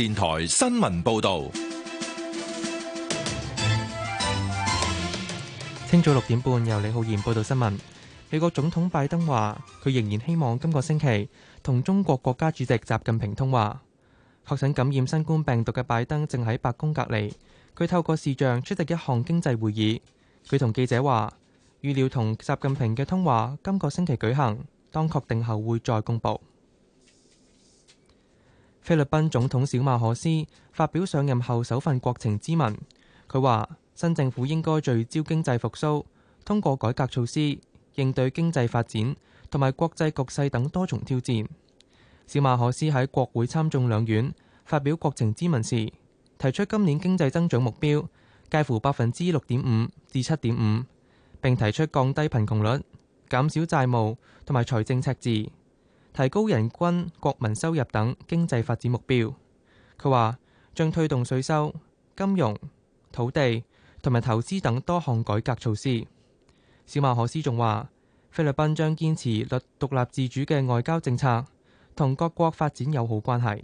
電台新聞報道：清早六點半，由李浩然報道新聞。美國總統拜登話，佢仍然希望今個星期同中國國家主席習近平通話。確診感染新冠病毒嘅拜登正喺白宮隔離，佢透過視像出席一項經濟會議。佢同記者話，預料同習近平嘅通話今個星期舉行，當確定後會再公佈。菲律賓總統小馬可斯發表上任後首份國情咨文，佢話新政府應該聚焦經濟復蘇，通過改革措施應對經濟發展同埋國際局勢等多重挑戰。小馬可斯喺國會參眾兩院發表國情咨文時，提出今年經濟增長目標介乎百分之六點五至七點五，並提出降低貧窮率、減少債務同埋財政赤字。提高人均國民收入等經濟發展目標，佢話將推動稅收、金融、土地同埋投資等多項改革措施。小馬可斯仲話，菲律賓將堅持立獨立自主嘅外交政策，同各國發展友好關係。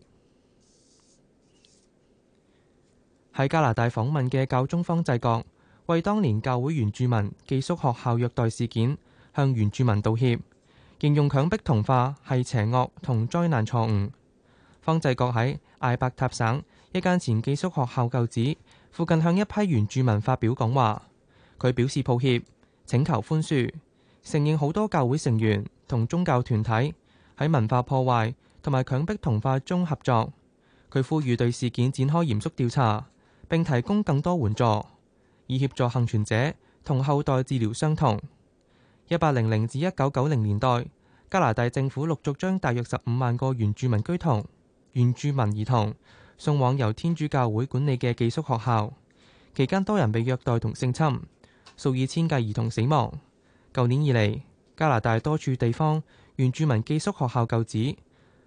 喺加拿大訪問嘅教宗方濟各，為當年教會原住民寄宿學校虐待事件向原住民道歉，形容強迫同化係邪惡同災難錯誤。方濟各喺艾伯塔省一間前寄宿學校舊址附近向一批原住民發表講話，佢表示抱歉，請求寬恕，承認好多教會成員同宗教團體喺文化破壞同埋強迫同化中合作。佢呼籲對事件展開嚴肅調查，並提供更多援助，以協助幸存者同後代治療傷痛。一八零零至一九九零年代，加拿大政府陸續將大約十五萬個原住民居童、原住民兒童送往由天主教會管理嘅寄宿學校，期間多人被虐待同性侵，數以千計兒童死亡。舊年以嚟，加拿大多處地方原住民寄宿學校舊址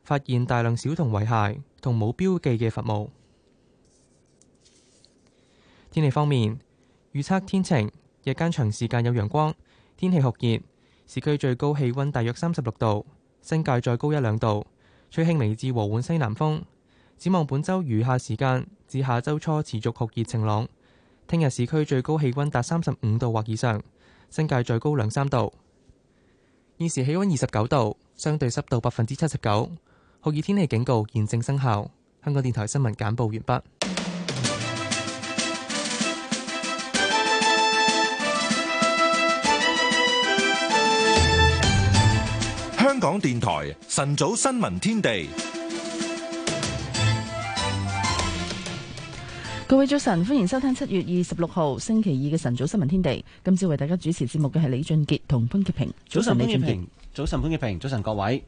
發現大量小童遺骸同冇標記嘅墳墓。天氣方面，預測天晴，日間長時間有陽光。天氣酷熱，市區最高氣溫大約三十六度，新界再高一兩度，吹輕微至和緩西南風。展望本周餘下時間至下周初持續酷熱晴朗。聽日市區最高氣溫達三十五度或以上，新界再高兩三度。現時氣溫二十九度，相對濕度百分之七十九，酷熱天氣警告現正生效。香港電台新聞簡報完畢。香港電台晨早新聞天地，各位早晨，歡迎收聽七月二十六號星期二嘅晨早新聞天地。今次為大家主持節目嘅係李俊傑同潘潔平。早晨，早晨，李俊平，早晨，潘潔平，平，早晨，各位。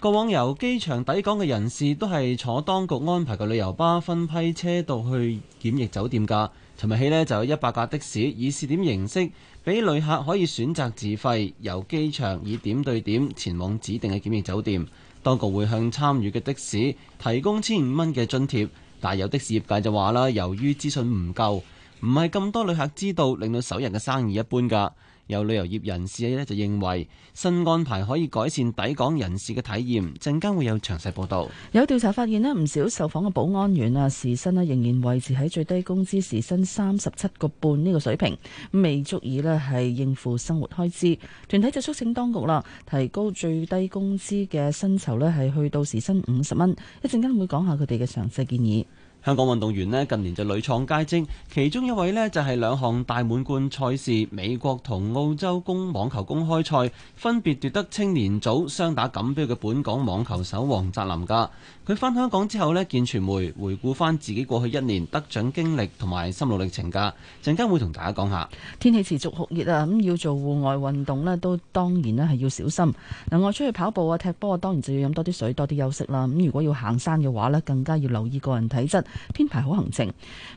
過往由機場抵港嘅人士都係坐當局安排嘅旅遊巴分批車到去檢疫酒店噶。尋日起呢，就有一百架的士以試點形式，俾旅客可以選擇自費由機場以點對點前往指定嘅檢疫酒店。當局會向參與嘅的士提供千五蚊嘅津貼，但有的士業界就話啦，由於資訊唔夠，唔係咁多旅客知道，令到手人嘅生意一般㗎。有旅遊業人士咧就認為新安排可以改善抵港人士嘅體驗，陣間會有詳細報導。有調查發現咧，唔少受訪嘅保安員啊時薪咧仍然維持喺最低工資時薪三十七個半呢個水平，未足以咧係應付生活開支。團體就促請當局啦，提高最低工資嘅薪酬咧係去到時薪五十蚊。會會一陣間會講下佢哋嘅詳細建議。香港運動員咧近年就屢創佳績，其中一位咧就係兩項大滿貫賽事，美國同澳洲公網球公開賽分別奪得青年組雙打錦標嘅本港網球手黃澤林噶。佢返香港之後呢，見傳媒回顧翻自己過去一年得獎經歷同埋心路歷程噶，陣間會同大家講下。天氣持續酷熱啊，咁要做戶外運動呢，都當然咧係要小心嗱。外出去跑步啊、踢波啊，當然就要飲多啲水、多啲休息啦。咁如果要行山嘅話呢，更加要留意個人體質，編排好行程。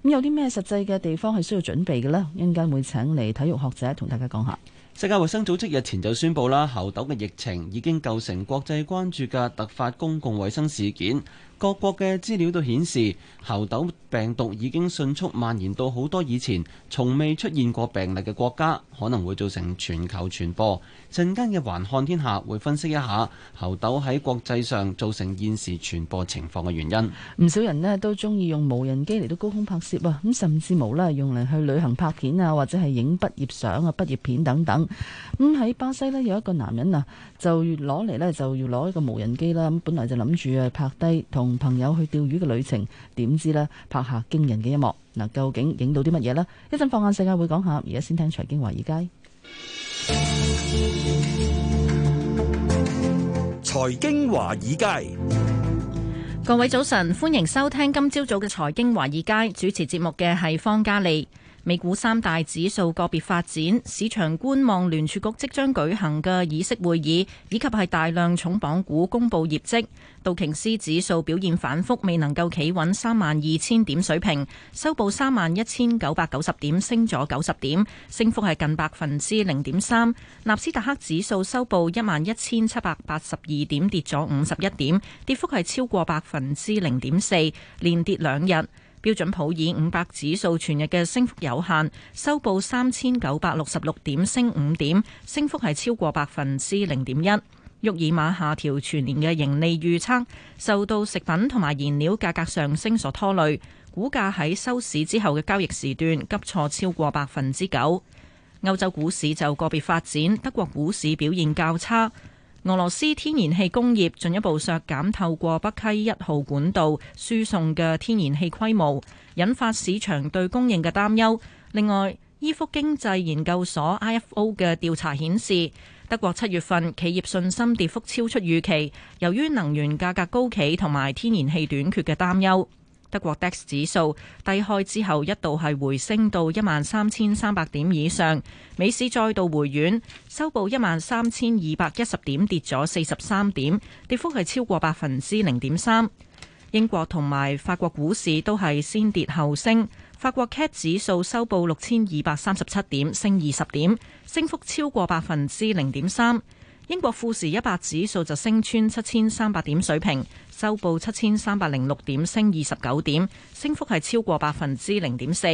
咁有啲咩實際嘅地方係需要準備嘅咧？陣間會請嚟體育學者同大家講下。世界衛生組織日前就宣布啦，猴痘嘅疫情已經構成國際關注嘅突發公共衛生事件。各國嘅資料都顯示，猴痘病毒已經迅速蔓延到好多以前從未出現過病例嘅國家，可能會造成全球傳播。陣間嘅環看天下會分析一下猴痘喺國際上造成現時傳播情況嘅原因。唔少人咧都中意用無人機嚟到高空拍攝啊，咁甚至無啦用嚟去旅行拍片啊，或者係影畢業相啊、畢業片等等。咁喺巴西咧有一個男人啊，就攞嚟咧就要攞一個無人機啦，咁本來就諗住啊拍低同。朋友去釣魚嘅旅程，點知呢？拍下驚人嘅一幕嗱？究竟影到啲乜嘢呢？一陣放眼世界會講下，而家先聽財經華爾街。財經華爾街，各位早晨，歡迎收聽今朝早嘅財經華爾街，主持節目嘅係方嘉莉。美股三大指數個別發展，市場觀望聯儲局即將舉行嘅議息會議，以及係大量重磅股公布業績。道瓊斯指數表現反覆，未能夠企穩三萬二千點水平，收報三萬一千九百九十點，升咗九十點，升幅係近百分之零點三。納斯達克指數收報一萬一千七百八十二點，跌咗五十一點，跌幅係超過百分之零點四，連跌兩日。標準普爾五百指數全日嘅升幅有限，收報三千九百六十六點，升五點，升幅係超過百分之零點一。沃爾瑪下調全年嘅盈利預測，受到食品同埋燃料價格上升所拖累，股價喺收市之後嘅交易時段急挫超過百分之九。歐洲股市就個別發展，德國股市表現較差。俄羅斯天然氣工業進一步削減透過北溪一號管道輸送嘅天然氣規模，引發市場對供應嘅擔憂。另外，伊福經濟研究所 IFO 嘅調查顯示，德國七月份企業信心跌幅超出預期，由於能源價格高企同埋天然氣短缺嘅擔憂。德國 DAX 指數低開之後一度係回升到一萬三千三百點以上，美市再度回軟，收報一萬三千二百一十點，跌咗四十三點，跌幅係超過百分之零點三。英國同埋法國股市都係先跌後升，法國 CAC 指數收報六千二百三十七點，升二十點，升幅超過百分之零點三。英國富時一百指數就升穿七千三百點水平，收報七千三百零六點，升二十九點，升幅係超過百分之零點四。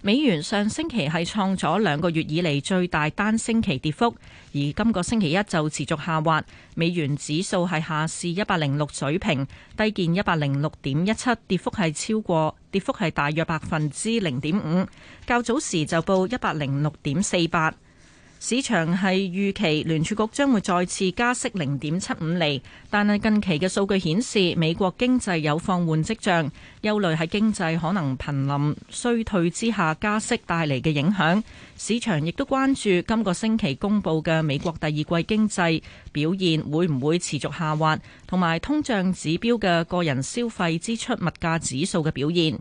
美元上星期係創咗兩個月以嚟最大單星期跌幅，而今個星期一就持續下滑，美元指數係下試一百零六水平，低見一百零六點一七，跌幅係超過，跌幅係大約百分之零點五，較早時就報一百零六點四八。市場係預期聯儲局將會再次加息零點七五厘。但係近期嘅數據顯示美國經濟有放緩跡象，憂慮喺經濟可能瀕臨衰退之下加息帶嚟嘅影響。市場亦都關注今個星期公布嘅美國第二季經濟表現會唔會持續下滑，同埋通脹指標嘅個人消費支出物價指數嘅表現。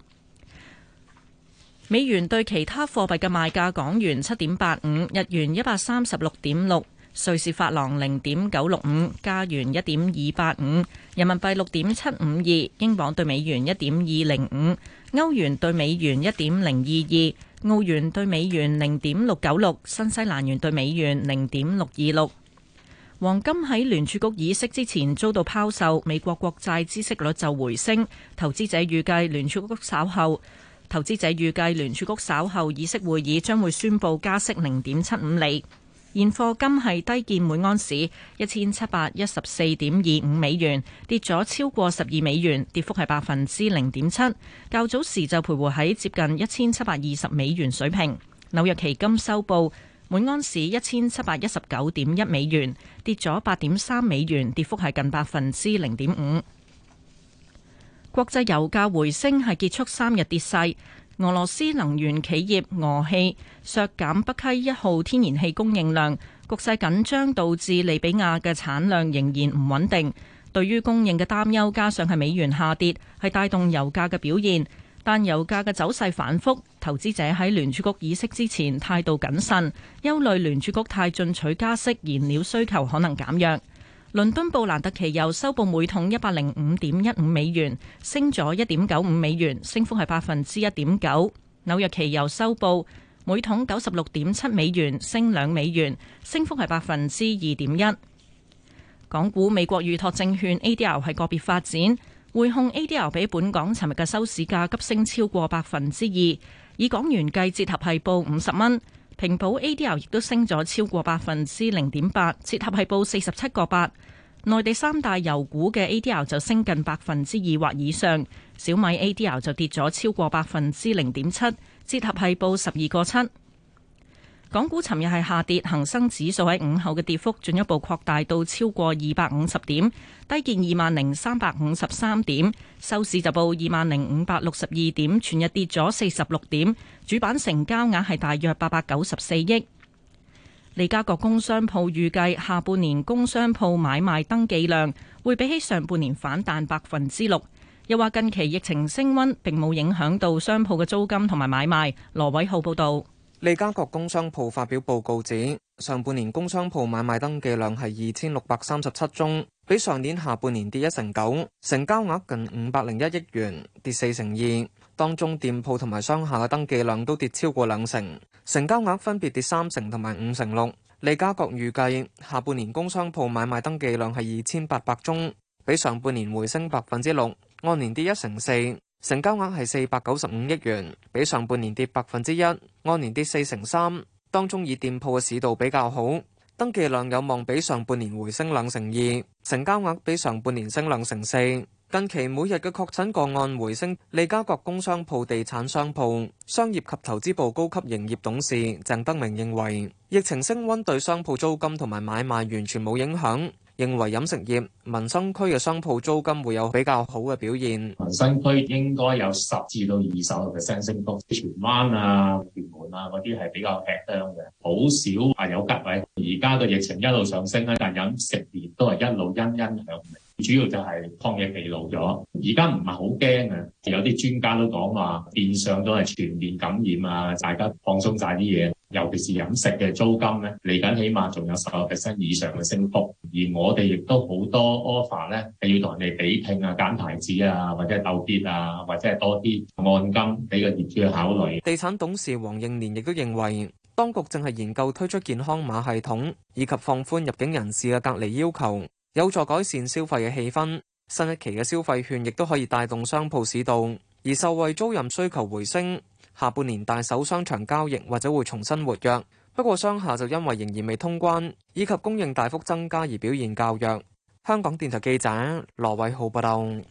美元對其他貨幣嘅賣價：港元七點八五，日元一百三十六點六，瑞士法郎零點九六五，加元一點二八五，人民幣六點七五二，英鎊對美元一點二零五，歐元對美元一點零二二，澳元對美元零點六九六，新西蘭元對美元零點六二六。黃金喺聯儲局議息之前遭到拋售，美國國債孳息率就回升，投資者預計聯儲局稍後。投資者預計聯儲局稍後議息會議將會宣布加息零點七五厘。現貨金係低見每安士一千七百一十四點二五美元，跌咗超過十二美元，跌幅係百分之零點七。較早時就徘徊喺接近一千七百二十美元水平。紐約期金收報每安士一千七百一十九點一美元，跌咗八點三美元，跌幅係近百分之零點五。國際油價回升係結束三日跌勢。俄羅斯能源企業俄氣削減北溪一號天然氣供應量，局勢緊張導致利比亞嘅產量仍然唔穩定。對於供應嘅擔憂，加上係美元下跌，係帶動油價嘅表現。但油價嘅走勢反覆，投資者喺聯儲局議息之前態度謹慎，憂慮聯儲局太進取加息，燃料需求可能減弱。倫敦布蘭特期油收報每桶一百零五點一五美元，升咗一點九五美元，升幅係百分之一點九。紐約期油收報每桶九十六點七美元，升兩美元，升幅係百分之二點一。港股美國預託證券 ADR 係個別發展，匯控 ADR 比本港尋日嘅收市價急升超過百分之二，以港元計折合係報五十蚊。平保 A D R 亦都升咗超過百分之零點八，折合係報四十七個八。內地三大油股嘅 A D R 就升近百分之二或以上，小米 A D R 就跌咗超過百分之零點七，折合係報十二個七。港股尋日係下跌，恒生指數喺午後嘅跌幅進一步擴大到超過二百五十點，低見二萬零三百五十三點，收市就報二萬零五百六十二點，全日跌咗四十六點，主板成交額係大約八百九十四億。利嘉閣工商鋪預計下半年工商鋪買賣登記量會比起上半年反彈百分之六，又話近期疫情升溫並冇影響到商鋪嘅租金同埋買賣。羅偉浩報道。利嘉閣工商鋪發表報告指，上半年工商鋪買賣登記量係二千六百三十七宗，比上年下半年跌一成九，成交額近五百零一億元，跌四成二。當中店鋪同埋商廈嘅登記量都跌超過兩成，成交額分別跌三成同埋五成六。利嘉閣預計下半年工商鋪買賣登記量係二千八百宗，比上半年回升百分之六，按年跌一成四。成交額係四百九十五億元，比上半年跌百分之一，按年跌四成三。當中以店鋪嘅市道比較好，登記量有望比上半年回升兩成二，成交額比上半年升兩成四。近期每日嘅確診個案回升，利嘉閣工商鋪地產商鋪商業及投資部高級營業董事鄭德明認為，疫情升溫對商鋪租金同埋買賣完全冇影響。認為飲食業民生區嘅商鋪租金會有比較好嘅表現，民生區應該有十至到二十嘅升升幅，荃灣啊、屯門啊嗰啲係比較吃香嘅，好少啊有吉位。而家嘅疫情一路上升咧，但係飲食業都係一路欣欣向榮主要就係抗疫疲勞咗，而家唔係好驚啊！有啲專家都講話變相都係全面感染啊，大家放鬆晒啲嘢，尤其是飲食嘅租金咧，嚟緊起碼仲有十個 percent 以上嘅升幅。而我哋亦都好多 offer 咧，係要同人哋比拼啊、揀牌子啊，或者係鬥啲啊，或者係多啲按金俾個業主去考慮。地產董事黃應年亦都認為，當局正係研究推出健康碼系統，以及放寬入境人士嘅隔離要求。有助改善消費嘅氣氛，新一期嘅消費券亦都可以帶動商鋪市道，而受惠租賃需求回升，下半年大手商場交易或者會重新活躍。不過商廈就因為仍然未通關以及供應大幅增加而表現較弱。香港電台記者羅偉浩報道。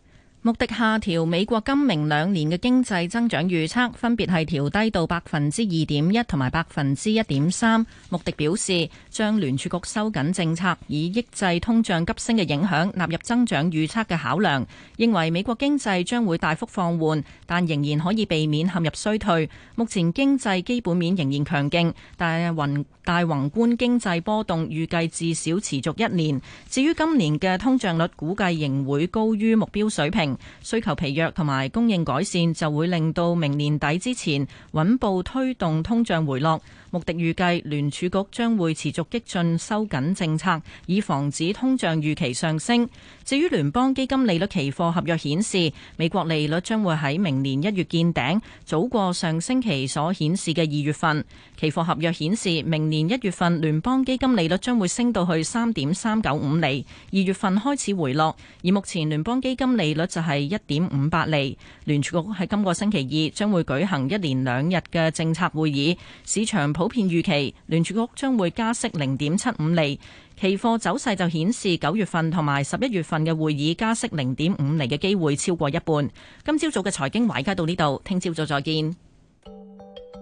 穆迪下調美國今明兩年嘅經濟增長預測，分別係調低到百分之二點一同埋百分之一點三。穆迪表示，將聯儲局收緊政策以抑制通脹急升嘅影響納入增長預測嘅考量，認為美國經濟將會大幅放緩，但仍然可以避免陷入衰退。目前經濟基本面仍然強勁，但大，大宏觀經濟波動預計至少持續一年。至於今年嘅通脹率，估計仍會高於目標水平。需求疲弱同埋供應改善，就會令到明年底之前穩步推動通脹回落。目的預計聯儲局將會持續激進收緊政策，以防止通脹預期上升。至於聯邦基金利率期貨合約顯示，美國利率將會喺明年一月見頂，早過上星期所顯示嘅二月份。期貨合約顯示，明年一月份聯邦基金利率將會升到去三點三九五厘，二月份開始回落。而目前聯邦基金利率就係一點五八厘。聯儲局喺今個星期二將會舉行一連兩日嘅政策會議，市場普普遍預期聯儲局將會加息零點七五厘，期貨走勢就顯示九月份同埋十一月份嘅會議加息零點五厘嘅機會超過一半。今朝早嘅財經快車到呢度，聽朝早再見。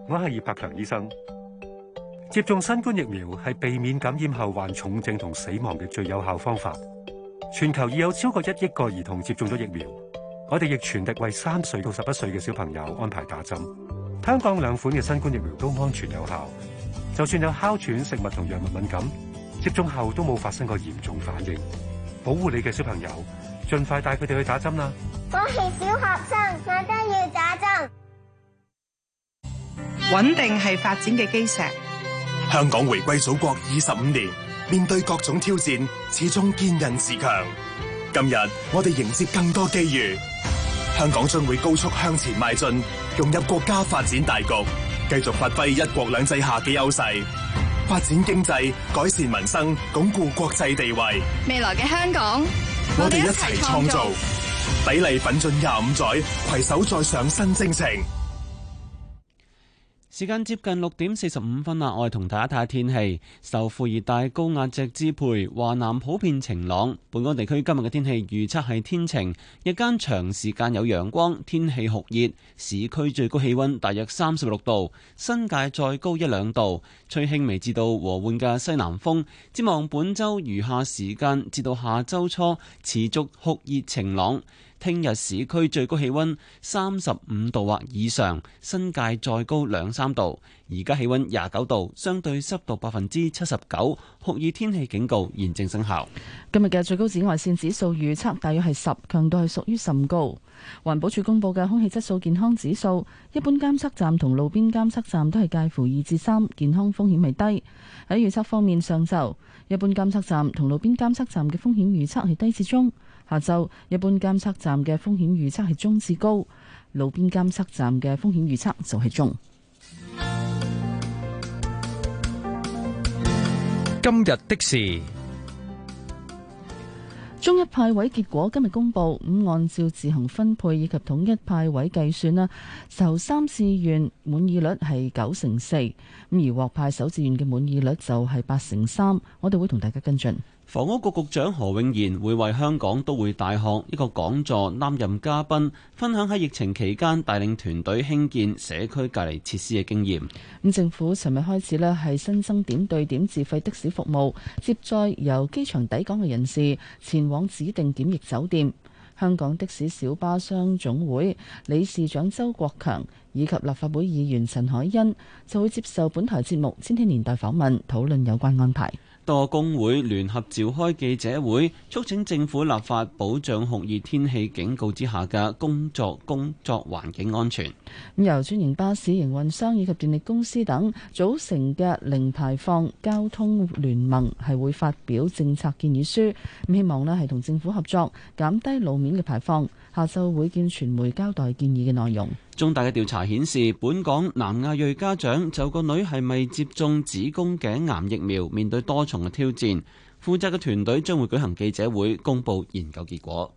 我係葉柏強醫生，接種新冠疫苗係避免感染後患重症同死亡嘅最有效方法。全球已有超過一億個兒童接種咗疫苗，我哋亦全力為三歲到十一歲嘅小朋友安排打針。香港兩款嘅新冠疫苗都安全有效，就算有哮喘、食物同藥物敏感，接種後都冇發生過嚴重反應。保護你嘅小朋友，盡快帶佢哋去打針啦！我係小學生，我都要打針。穩定係發展嘅基石。香港回歸祖國二十五年，面對各種挑戰，始終堅韌自強。今日我哋迎接更多機遇，香港將會高速向前邁進。融入國家發展大局，繼續發揮一國兩制下嘅優勢，發展經濟、改善民生、鞏固國際地位。未來嘅香港，我哋一齊創造，砥礪奮進廿五載，攜手再上新征程。時間接近六點四十五分喇，我哋同大家睇下天氣。受副熱帶高壓脊支配，華南普遍晴朗。本港地區今日嘅天氣預測係天晴，日間長時間有陽光，天氣酷熱。市區最高氣溫大約三十六度，新界再高一兩度。吹輕微至到和緩嘅西南風。展望本周餘下時間至到下周初，持續酷熱晴朗。聽日市區最高氣溫三十五度或以上，新界再高兩三度。而家氣溫廿九度，相對濕度百分之七十九，酷熱天氣警告現正生效。今日嘅最高紫外線指數預測大約係十，強度係屬於甚高。環保署公布嘅空氣質素健康指數，一般監測站同路邊監測站都係介乎二至三，健康風險係低。喺預測方面，上晝一般監測站同路邊監測站嘅風險預測係低至中。下晝一般監測站嘅風險預測係中至高，路邊監測站嘅風險預測就係中。今日的事，中一派位結果今日公布，咁按照自行分配以及統一派位計算啦，受三志願滿意率係九成四，咁而獲派首志願嘅滿意率就係八成三，我哋會同大家跟進。房屋局局長何永賢會為香港都會大學一個講座擔任嘉賓，分享喺疫情期間帶領團隊興建社區隔離設施嘅經驗。咁政府尋日開始呢係新增點對點自費的士服務，接載由機場抵港嘅人士前往指定檢疫酒店。香港的士小巴商總會理事長周國強以及立法會議員陳海欣就會接受本台節目《千禧年代》訪問，討論有關安排。多工會聯合召開記者會，促請政府立法保障酷熱天氣警告之下嘅工作工作環境安全。咁由專營巴士營運商以及電力公司等組成嘅零排放交通聯盟係會發表政策建議書，咁希望咧係同政府合作減低路面嘅排放。下晝會見傳媒交代建議嘅內容。中大嘅調查顯示，本港南亞裔家長就個女係咪接種子宮頸癌疫苗，面對多重嘅挑戰。負責嘅團隊將會舉行記者會，公布研究結果。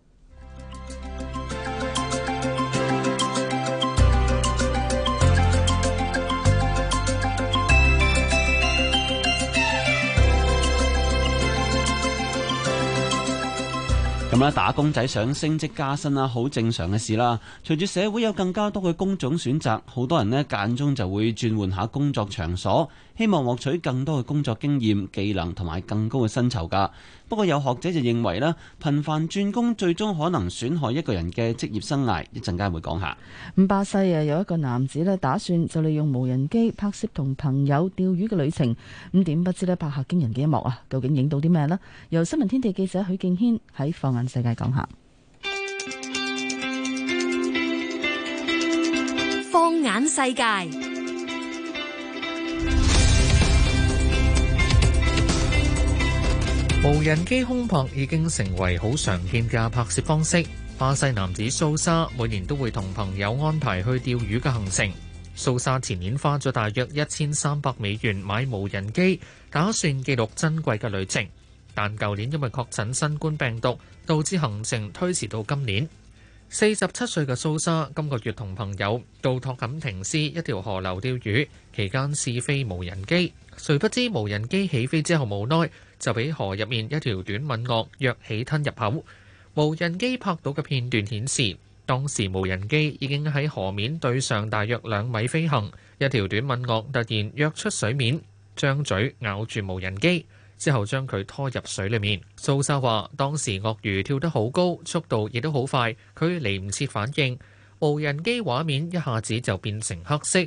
咁打工仔想升職加薪啦，好正常嘅事啦。隨住社會有更加多嘅工種選擇，好多人呢間中就會轉換下工作場所。希望獲取更多嘅工作經驗、技能同埋更高嘅薪酬噶。不過有學者就認為呢，頻繁轉工最終可能損害一個人嘅職業生涯。一陣間會講下。咁巴西啊，有一個男子咧，打算就利用無人機拍攝同朋友釣魚嘅旅程。咁點不知呢，拍下驚人嘅一幕啊！究竟影到啲咩呢？由新聞天地記者許敬軒喺放眼世界講下。放眼世界。無人機空拍已經成為好常見嘅拍攝方式。巴西男子蘇沙每年都會同朋友安排去釣魚嘅行程。蘇沙前年花咗大約一千三百美元買無人機，打算記錄珍貴嘅旅程。但舊年因為確診新冠病毒，導致行程推遲到今年。四十七歲嘅蘇沙今個月同朋友到托坎廷斯一條河流釣魚，期間試飛無人機，誰不知無人機起飛之後無奈。就俾河入面一條短吻鱷躍起吞入口。無人機拍到嘅片段顯示，當時無人機已經喺河面對上大約兩米飛行，一條短吻鱷突然躍出水面，張嘴咬住無人機，之後將佢拖入水裡面。蘇莎話：當時鱷魚跳得好高，速度亦都好快，佢嚟唔切反應，無人機畫面一下子就變成黑色。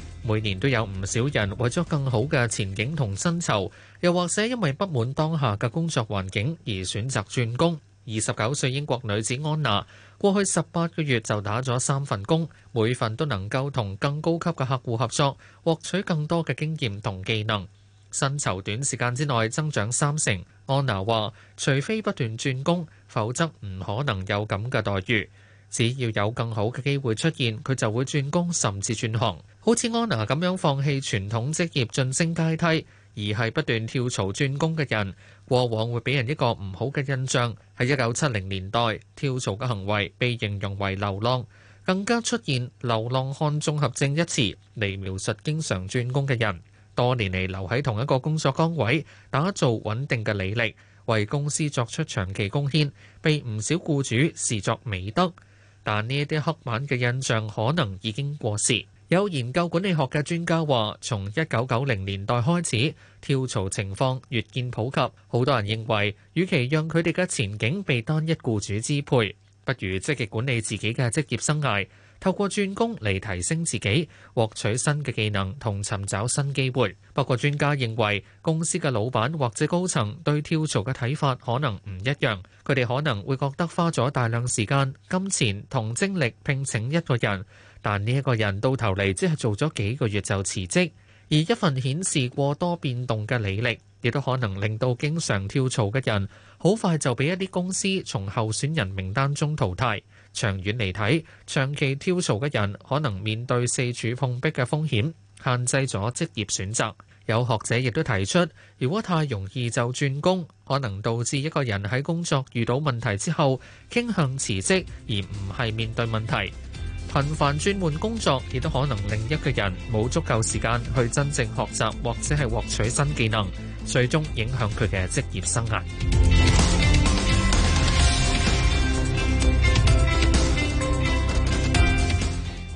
每年都有唔少人為咗更好嘅前景同薪酬，又或者因為不滿當下嘅工作環境而選擇轉工。二十九歲英國女子安娜，過去十八個月就打咗三份工，每份都能夠同更高級嘅客戶合作，獲取更多嘅經驗同技能，薪酬短時間之內增長三成。安娜話，除非不斷轉工，否則唔可能有咁嘅待遇。只要有更好嘅機會出現，佢就會轉工甚至轉行。好似安娜咁樣放棄傳統職業晉升階梯，而係不斷跳槽轉工嘅人，過往會俾人一個唔好嘅印象。喺一九七零年代，跳槽嘅行為被形容為流浪，更加出現流浪漢綜合症一詞嚟描述經常轉工嘅人。多年嚟留喺同一個工作崗位，打造穩定嘅履歷，為公司作出長期貢獻，被唔少雇主視作美德。但呢啲刻板嘅印象可能已經過時，有研究管理學嘅專家話，從一九九零年代開始，跳槽情況越見普及。好多人認為，與其讓佢哋嘅前景被單一雇主支配，不如積極管理自己嘅職業生涯。透過轉工嚟提升自己，獲取新嘅技能同尋找新機會。不過，專家認為公司嘅老闆或者高層對跳槽嘅睇法可能唔一樣。佢哋可能會覺得花咗大量時間、金錢同精力聘請一個人，但呢一個人到頭嚟只係做咗幾個月就辭職。而一份顯示過多變動嘅履歷，亦都可能令到經常跳槽嘅人好快就俾一啲公司從候選人名單中淘汰。長遠嚟睇，長期跳槽嘅人可能面對四處碰壁嘅風險，限制咗職業選擇。有學者亦都提出，如果太容易就轉工，可能導致一個人喺工作遇到問題之後傾向辭職，而唔係面對問題。頻繁轉換工作亦都可能令一個人冇足夠時間去真正學習，或者係獲取新技能，最終影響佢嘅職業生涯。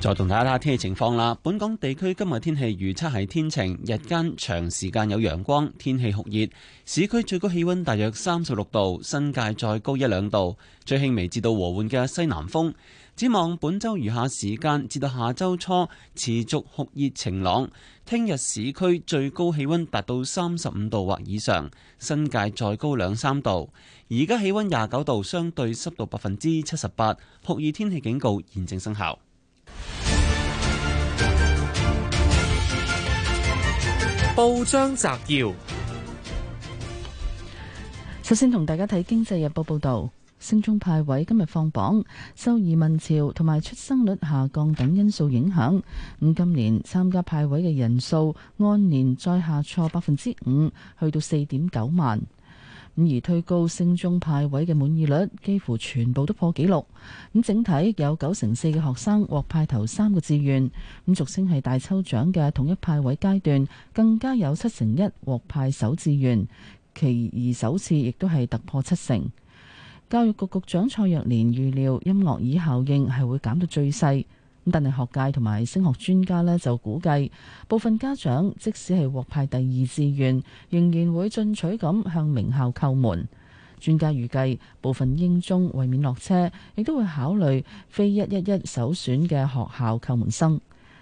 再同大家睇下天氣情況啦。本港地區今日天氣預測係天晴，日間長時間有陽光，天氣酷熱。市區最高氣溫大約三十六度，新界再高一兩度。最輕微至到和緩嘅西南風。展望本周餘下時間至到下周初持續酷熱晴朗。聽日市區最高氣溫達到三十五度或以上，新界再高兩三度。而家氣溫廿九度，相對濕度百分之七十八，酷熱天氣警告現正生效。報章摘要：首先同大家睇《經濟日報》報道，升中派位今日放榜，受移民潮同埋出生率下降等因素影響，咁今年參加派位嘅人數按年再下挫百分之五，去到四點九萬。而推高升中派位嘅滿意率，幾乎全部都破紀錄。咁整體有九成四嘅學生獲派頭三個志願，咁俗稱係大抽獎嘅統一派位階段，更加有七成一獲派首志願，其二首次亦都係突破七成。教育局局長蔡若蓮預料音樂椅效應係會減到最細。但係學界同埋升學專家呢，就估計部分家長即使係獲派第二志願，仍然會進取咁向名校叩門。專家預計部分英中為免落車，亦都會考慮非一一一首選嘅學校叩門生。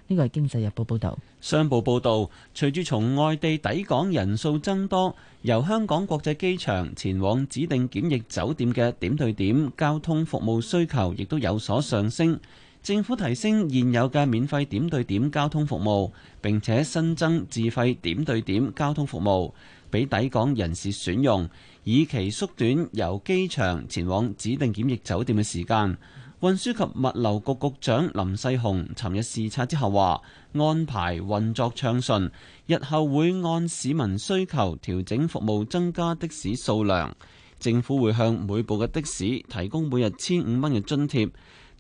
呢個係《經濟日報》報道。商報報導，隨住從外地抵港人數增多，由香港國際機場前往指定檢疫酒店嘅點對點交通服務需求，亦都有所上升。政府提升現有嘅免費點對點交通服務，並且新增自費點對點交通服務俾抵港人士選用，以期縮短由機場前往指定檢疫酒店嘅時間。運輸及物流局局長林世雄尋日視察之後話，安排運作暢順，日後會按市民需求調整服務，增加的士數量。政府會向每部嘅的士提供每日千五蚊嘅津貼。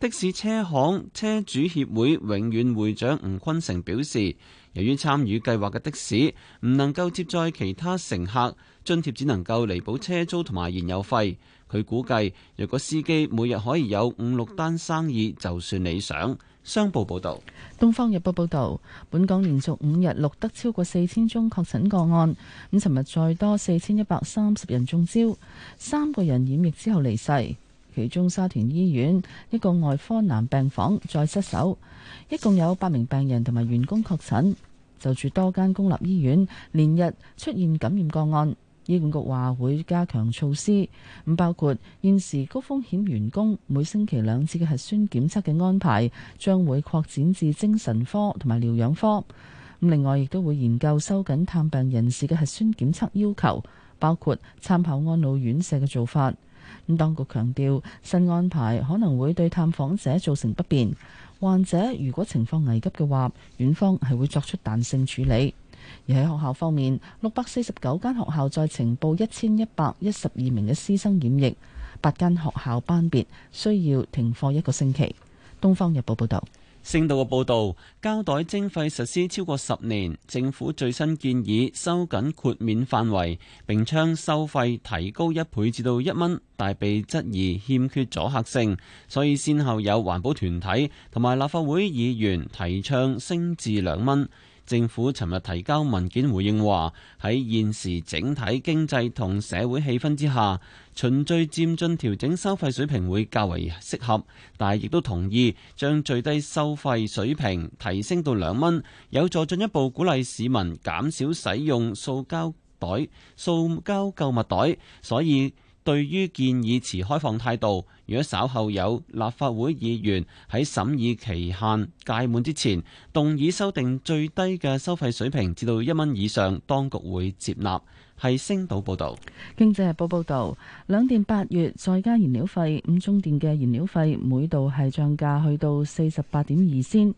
的士車行車主協會永遠會長吳坤成表示，由於參與計劃嘅的士唔能夠接載其他乘客，津貼只能夠彌補車租同埋燃油費。佢估計，若果司機每日可以有五六單生意，就算理想。商報報道，《東方日報》報道，本港連續五日錄得超過四千宗確診個案，咁尋日再多四千一百三十人中招，三個人染疫之後離世。其中沙田醫院一個外科男病房再失守，一共有八名病人同埋員工確診。就住多間公立醫院連日出現感染個案，醫管局話會加強措施，咁包括現時高風險員工每星期兩次嘅核酸檢測嘅安排，將會擴展至精神科同埋療養科。另外亦都會研究收緊探病人士嘅核酸檢測要求，包括參考安老院舍嘅做法。咁當局強調，新安排可能會對探訪者造成不便。患者如果情況危急嘅話，院方係會作出彈性處理。而喺學校方面，六百四十九間學校再呈報一千一百一十二名嘅師生染疫，八間學校班別需要停課一個星期。東方日報報道。星島嘅報導，膠袋徵費實施超過十年，政府最新建議收緊豁免範圍，並將收費提高一倍至到一蚊，但被質疑欠缺阻嚇性，所以先後有環保團體同埋立法會議員提倡升至兩蚊。政府尋日提交文件回應話，喺現時整體經濟同社會氣氛之下，循序漸進調整收費水平會較為適合，但係亦都同意將最低收費水平提升到兩蚊，有助進一步鼓勵市民減少使用塑膠袋、塑膠購物袋，所以，對於建議持開放態度，如果稍後有立法會議員喺審議期限屆滿之前動議修訂最低嘅收費水平至到一蚊以上，當局會接納。係星島報道。經濟日報報導，兩電八月再加燃料費，五中電嘅燃料費每度係漲價去到四十八點二仙，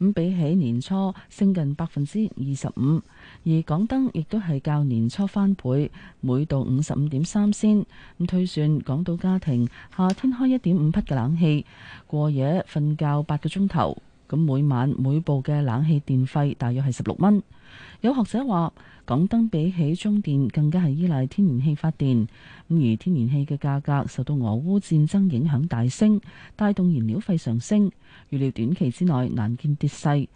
咁比起年初升近百分之二十五。而港燈亦都係較年初翻倍，每度五十五點三先，咁推算，港島家庭夏天開一點五匹嘅冷氣，過夜瞓覺八個鐘頭，咁每晚每部嘅冷氣電費大約係十六蚊。有學者話，港燈比起中電更加係依賴天然氣發電，咁而天然氣嘅價格受到俄烏戰爭影響大升，帶動燃料費上升，預料短期之內難見跌勢。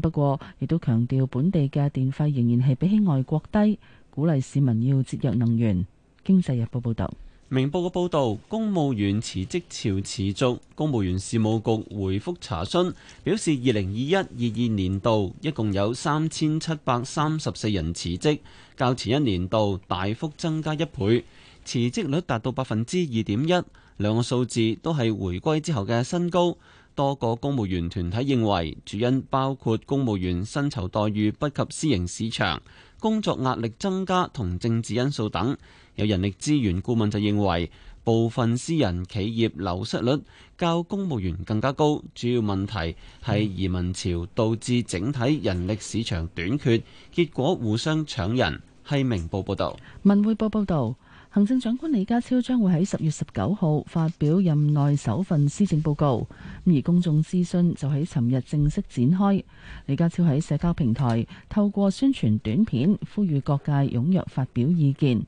不過，亦都強調本地嘅電費仍然係比起外國低，鼓勵市民要節約能源。經濟日報報道，《明報》嘅報導，公務員辭職潮持續，公務員事務局回覆查詢，表示二零二一二二年度一共有三千七百三十四人辭職，較前一年度大幅增加一倍，辭職率達到百分之二點一，兩個數字都係回歸之後嘅新高。多個公務員團體認為，主因包括公務員薪酬待遇不及私營市場、工作壓力增加同政治因素等。有人力資源顧問就認為，部分私人企業流失率較公務員更加高，主要問題係移民潮導致整體人力市場短缺，結果互相搶人。係《明報》報道。《文匯報》報道。行政長官李家超將會喺十月十九號發表任內首份施政報告，而公眾諮詢就喺尋日正式展開。李家超喺社交平台透過宣傳短片呼籲各界踴躍發表意見，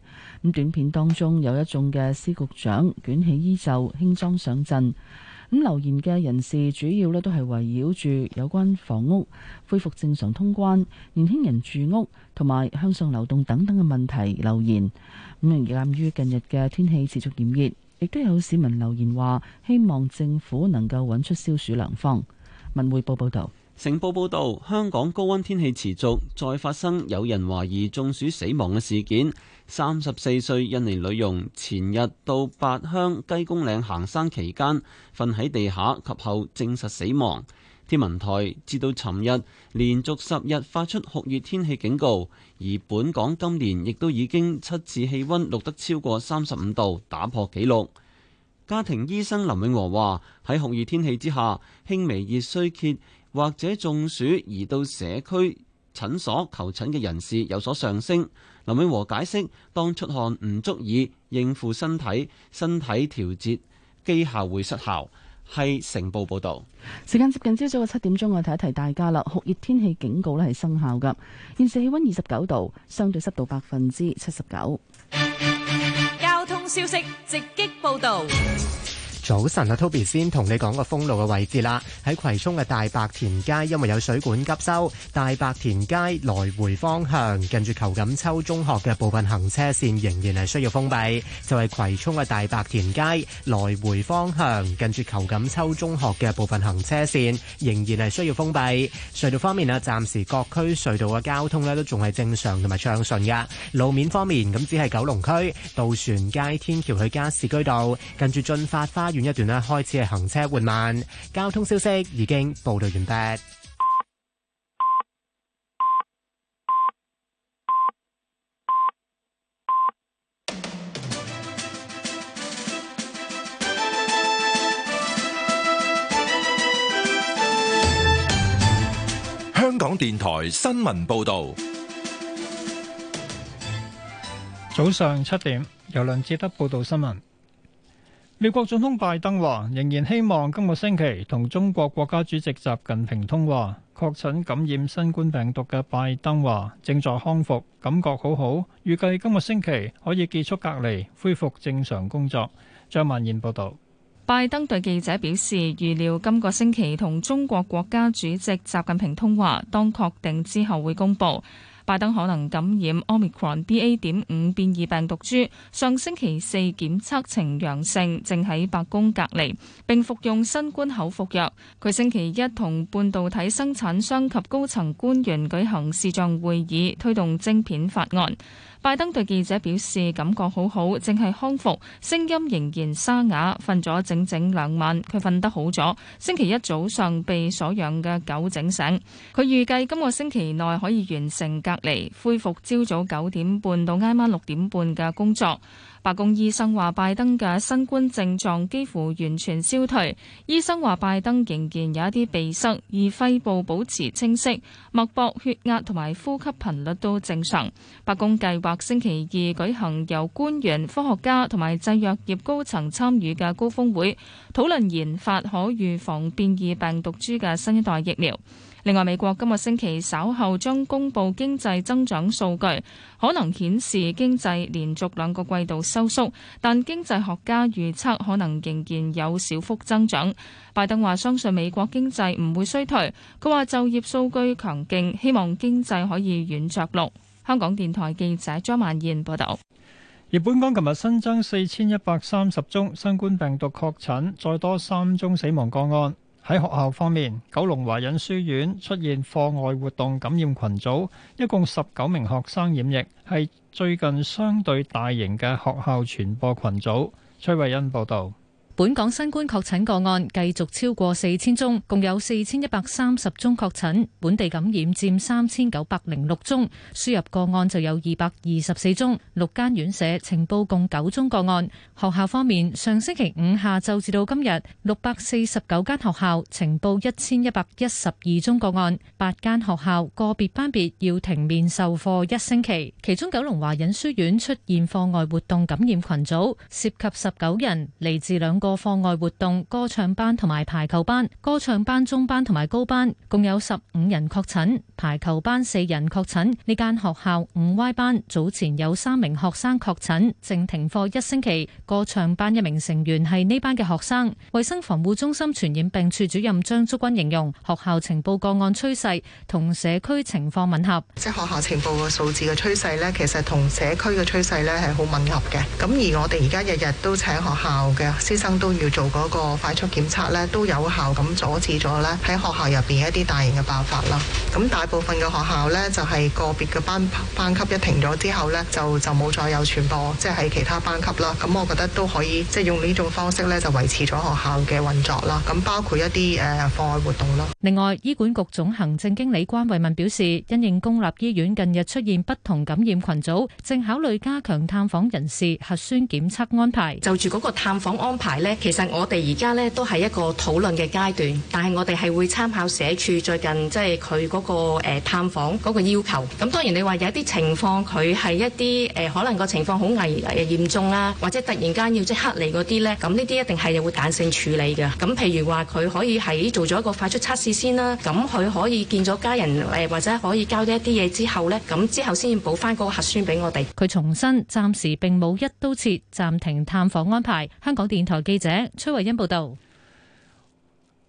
短片當中有一眾嘅司局長捲起衣袖輕裝上陣。咁留言嘅人士主要咧都係圍繞住有關房屋恢復正常通關、年輕人住屋同埋向上流動等等嘅問題留言。咁由於近日嘅天氣持續炎熱，亦都有市民留言話希望政府能夠揾出消暑良方。文匯報報道：「成報報道，香港高温天氣持續，再發生有人懷疑中暑死亡嘅事件。三十四歲印尼女傭前日到八鄉雞公嶺行山期間，瞓喺地下，及後證實死亡。天文台至到尋日連續十日發出酷熱天氣警告，而本港今年亦都已經七次氣溫錄得超過三十五度，打破紀錄。家庭醫生林永和話：喺酷熱天氣之下，輕微熱衰竭，或者中暑而到社區診所求診嘅人士有所上升。林永和解釋：當出汗唔足以應付身體，身體調節機械會失效。係成報報道。時間接近朝早嘅七點鐘，我提一提大家啦。酷熱天氣警告咧係生效㗎。現時氣溫二十九度，相對濕度百分之七十九。交通消息直擊報道。早晨啊，Toby 先同你講個封路嘅位置啦。喺葵涌嘅大白田街，因為有水管急修，大白田街來回方向近住裘錦秋中學嘅部分行車線仍然係需要封閉。就係、是、葵涌嘅大白田街來回方向近住裘錦秋中學嘅部分行車線仍然係需要封閉。隧道方面啊，暫時各區隧道嘅交通咧都仲係正常同埋暢順噶。路面方面咁，只係九龍區渡船街天橋去加士居道近住駿發花園，一段咧，開始係行車緩慢。交通消息已經報導完畢。香港電台新聞報導，早上七點，由梁志德報導新聞。美國總統拜登話仍然希望今個星期同中國國家主席習近平通話。確診感染新冠病毒嘅拜登話正在康復，感覺好好，預計今個星期可以結束隔離，恢復正常工作。張曼燕報道。拜登對記者表示，預料今個星期同中國國家主席習近平通話，當確定之後會公佈。拜登可能感染 Omicron BA 點五變異病毒株，上星期四檢測呈陽性，正喺白宮隔離，並服用新冠口服藥。佢星期一同半導體生產商及高層官員舉行視像會議，推動晶片法案。拜登對記者表示感覺好好，正係康復，聲音仍然沙啞。瞓咗整整兩晚，佢瞓得好咗。星期一早上被所養嘅狗整醒。佢預計今個星期內可以完成隔。嚟恢復朝早九點半到挨晚六點半嘅工作。白宮醫生話，拜登嘅新冠症狀幾乎完全消退。醫生話，拜登仍然有一啲鼻塞，而肺部保持清晰，脈搏、血壓同埋呼吸頻率都正常。白宮計劃星期二舉行由官員、科學家同埋製藥業高層參與嘅高峰會，討論研發可預防變異病毒株嘅新一代疫苗。另外，美國今個星期稍後將公佈經濟增長數據，可能顯示經濟連續兩個季度收縮，但經濟學家預測可能仍然有小幅增長。拜登話相信美國經濟唔會衰退，佢話就業數據強勁，希望經濟可以軟着陸。香港電台記者張萬燕報導。而本港琴日新增四千一百三十宗新冠病毒確診，再多三宗死亡個案。喺學校方面，九龍華仁書院出現課外活動感染群組，一共十九名學生染疫，係最近相對大型嘅學校傳播群組。崔慧欣報導。本港新冠確診個案繼續超過四千宗，共有四千一百三十宗確診，本地感染佔三千九百零六宗，輸入個案就有二百二十四宗。六間院舍呈報共九宗個案。學校方面，上星期五下晝至到今日，六百四十九間學校呈報一千一百一十二宗個案，八間學校個別班別要停面授課一星期，其中九龍華仁書院出現課外活動感染群組，涉及十九人，嚟自兩個。個課外活動歌唱班同埋排球班，歌唱班中班同埋高班共有十五人確診，排球班四人確診。呢間學校五 Y 班早前有三名學生確診，正停課一星期。歌唱班一名成員係呢班嘅學生。衛生防護中心傳染病處主任張竹君形容，學校情報個案趨勢同社區情況吻合，即係學校情報個數字嘅趨勢呢，其實同社區嘅趨勢呢係好吻合嘅。咁而我哋而家日日都請學校嘅師生。都要做嗰個快速檢測咧，都有效咁阻止咗咧喺學校入邊一啲大型嘅爆發啦。咁大部分嘅學校咧就係個別嘅班班級一停咗之後咧，就就冇再有傳播，即係喺其他班級啦。咁我覺得都可以即係用呢種方式咧，就維持咗學校嘅運作啦。咁包括一啲誒課外活動啦。另外，醫管局總行政經理關慧敏表示，因應公立醫院近日出現不同感染群組，正考慮加強探訪人士核酸檢測安排。安排就住嗰個探訪安排其實我哋而家咧都係一個討論嘅階段，但係我哋係會參考社署最近即係佢嗰個探訪嗰個要求。咁當然你話有一啲情況佢係一啲誒可能個情況好危嚴重啦，或者突然間要即刻嚟嗰啲咧，咁呢啲一定係會彈性處理嘅。咁譬如話佢可以喺做咗一個快速測試先啦，咁佢可以見咗家人誒，或者可以交咗一啲嘢之後咧，咁之後先要補翻嗰個核酸俾我哋。佢重申暫時並冇一刀切暫停探訪安排。香港電台記者崔慧欣報道：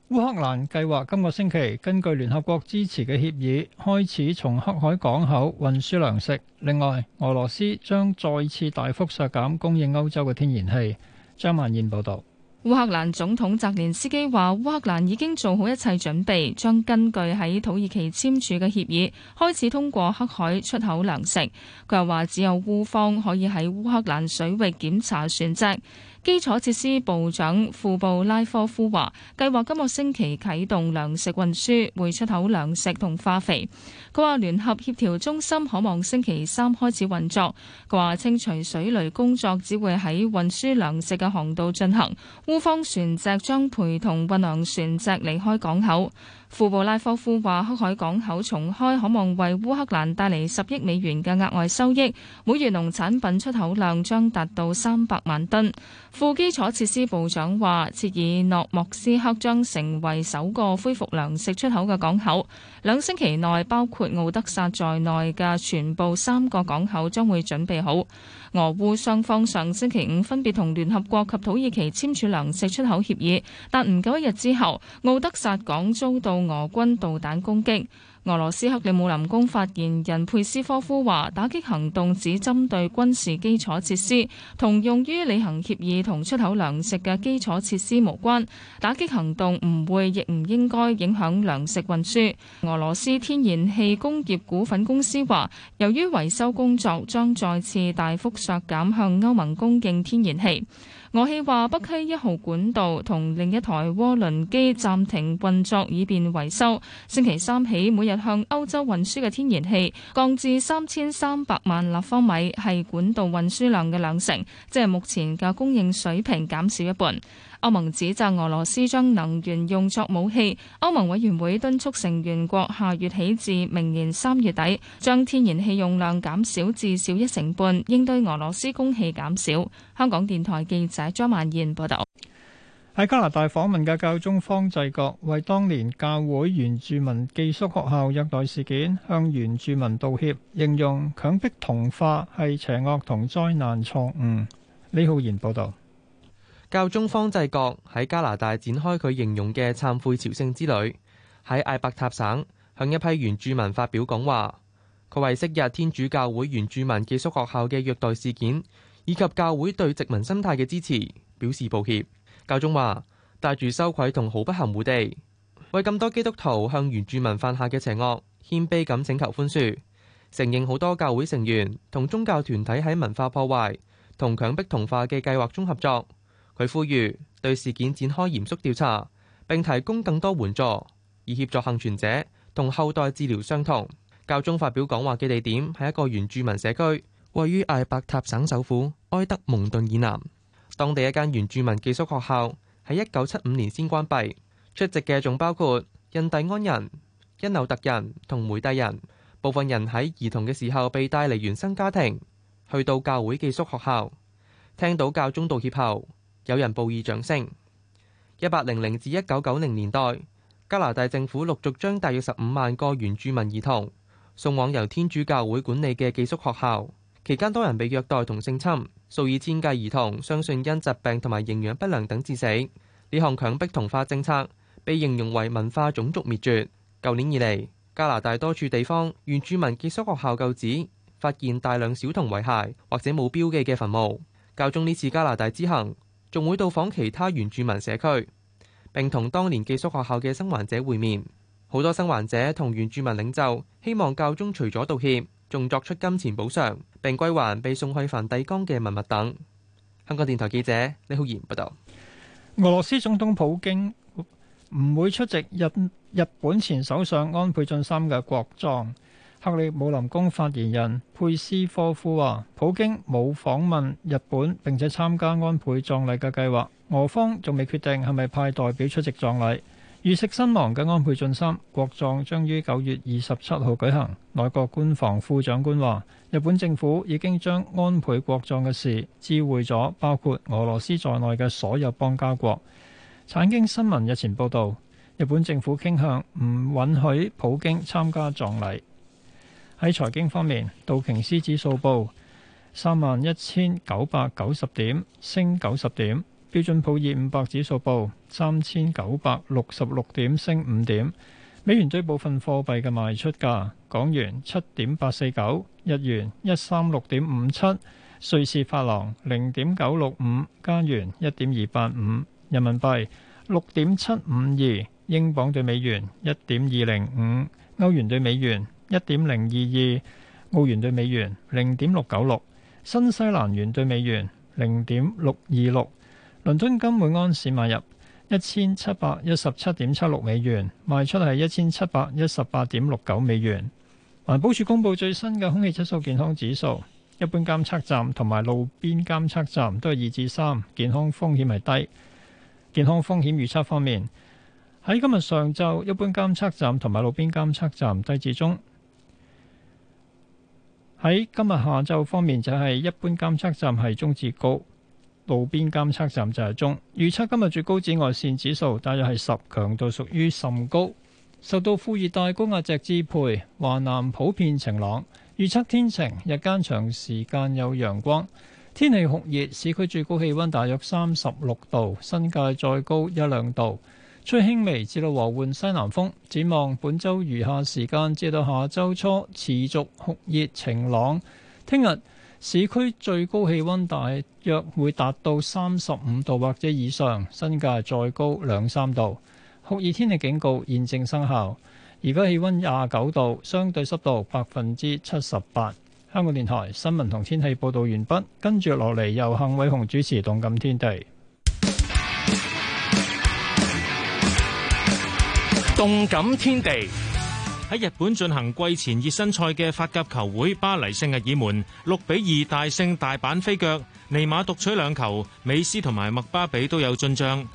烏克蘭計劃今個星期根據聯合國支持嘅協議，開始從黑海港口運輸糧食。另外，俄羅斯將再次大幅削減供應歐洲嘅天然氣。張曼燕報道：烏克蘭總統澤連斯基話，烏克蘭已經做好一切準備，將根據喺土耳其簽署嘅協議，開始通過黑海出口糧食。佢又話，只有烏方可以喺烏克蘭水域檢查船隻。基礎設施部長庫布拉科夫話，計劃今個星期啟動糧食運輸，會出口糧食同化肥。佢話聯合協調中心可望星期三開始運作。佢話清除水雷工作只會喺運輸糧食嘅航道進行，烏方船隻將陪同運糧船隻離開港口。庫布拉科夫話：黑海港口重開，可望為烏克蘭帶嚟十億美元嘅額外收益，每月農產品出口量將達到三百萬噸。副基礎設施部長話，切爾諾莫斯克將成為首個恢復糧食出口嘅港口。兩星期內，包括敖德薩在內嘅全部三個港口將會準備好。俄烏雙方上星期五分別同聯合國及土耳其簽署糧食出口協議，但唔夠一日之後，敖德薩港遭到俄軍導彈攻擊。俄羅斯克里姆林宮發言人佩斯科夫話：打擊行動只針對軍事基礎設施，同用於履行協議同出口糧食嘅基礎設施無關。打擊行動唔會亦唔應該影響糧食運輸。俄羅斯天然氣工業股份公司話：由於維修工作，將再次大幅削減向歐盟供應天然氣。俄氣話北溪一號管道同另一台渦輪機暫停運作，以便維修。星期三起，每日向歐洲運輸嘅天然氣降至三千三百萬立方米，係管道運輸量嘅兩成，即係目前嘅供應水平減少一半。歐盟指責俄羅斯將能源用作武器。歐盟委員會敦促成員國下月起至明年三月底，將天然氣用量減少至少一成半，應對俄羅斯供氣減少。香港電台記者張曼燕報道。喺加拿大訪問嘅教宗方濟各為當年教會原住民寄宿學校虐待事件向原住民道歉，形容強逼同化係邪惡同災難錯誤。李浩賢報道。教宗方濟各喺加拿大展開佢形容嘅懺悔朝聖之旅，喺艾伯塔省向一批原住民發表講話。佢為昔日天主教會原住民寄宿學校嘅虐待事件以及教會對殖民心態嘅支持表示抱歉。教宗話帶住羞愧同毫不含糊地為咁多基督徒向原住民犯下嘅邪惡謙卑咁請求寬恕，承認好多教會成員同宗教團體喺文化破壞同強迫同化嘅計劃中合作。佢呼籲對事件展開嚴肅調查，並提供更多援助，以協助幸存者同後代治療傷痛。教宗發表講話嘅地點係一個原住民社區，位於艾伯塔省首府埃德蒙頓以南。當地一間原住民寄宿學校喺一九七五年先關閉。出席嘅仲包括印第安人、因紐特人同梅蒂人。部分人喺兒童嘅時候被帶離原生家庭，去到教會寄宿學校。聽到教宗道歉後，有人報以掌聲。一八零零至一九九零年代，加拿大政府陸續將大約十五萬個原住民兒童送往由天主教會管理嘅寄宿學校，期間多人被虐待同性侵，數以千計兒童相信因疾病同埋營養不良等致死。呢項強迫同化政策被形容為文化種族滅絕。舊年以嚟，加拿大多處地方原住民寄宿學校舊址發現大量小童遺骸或者冇標記嘅墳墓。教宗呢次加拿大之行，仲會到訪其他原住民社區，並同當年寄宿學校嘅生還者會面。好多生還者同原住民領袖希望教宗除咗道歉，仲作出金錢補償並歸還被送去梵蒂岡嘅文物等。香港電台記者李浩然報道。俄羅斯總統普京唔會出席日日本前首相安倍晉三嘅國葬。克里姆林宮發言人佩斯科夫話，普京冇訪問日本並且參加安倍葬禮嘅計劃。俄方仲未決定係咪派代表出席葬禮。遇刺身亡嘅安倍晉三國葬將於九月二十七號舉行。內閣官房副長官話，日本政府已經將安倍國葬嘅事知會咗，包括俄羅斯在內嘅所有邦交國。產經新聞日前報道，日本政府傾向唔允許普京參加葬禮。喺財經方面，道瓊斯指數報三萬一千九百九十點，升九十點。標準普爾五百指數報三千九百六十六點，升五點。美元對部分貨幣嘅賣出價：港元七點八四九，日元一三六點五七，瑞士法郎零點九六五，加元一點二八五，人民幣六點七五二，英鎊對美元一點二零五，歐元對美元，一點零二二澳元兌美元零點六九六，96，新西蘭元兌美元零點六二六。26，倫敦金每安士買入一千七百一十七點七六美元，賣出係一千七百一十八點六九美元。環保署公布最新嘅空氣質素健康指數，一般監測站同埋路邊監測站都係二至三，健康風險係低。健康風險預測方面，喺今日上晝，一般監測站同埋路邊監測站低至中。喺今日下晝方面就係、是、一般監測站係中至高，路邊監測站就係中。預測今日最高紫外線指數大約係十強度，屬於甚高。受到副熱帶高壓脊支配，華南普遍晴朗。預測天晴，日間長時間有陽光，天氣酷熱。市區最高氣溫大約三十六度，新界再高一兩度。吹輕微至到和緩西南風，展望本週餘下時間至到下周初持續酷熱晴朗。聽日市區最高氣温大約會達到三十五度或者以上，新界再高兩三度。酷熱天氣警告現正生效。而家氣温廿九度，相對濕度百分之七十八。香港電台新聞同天氣報導完畢，跟住落嚟由幸偉雄主持《動感天地》。動感天地，喺日本進行季前熱身賽嘅法甲球會巴黎聖日耳門六比二大勝大阪飛腳，尼馬獨取兩球，美斯同埋麥巴比都有進賬。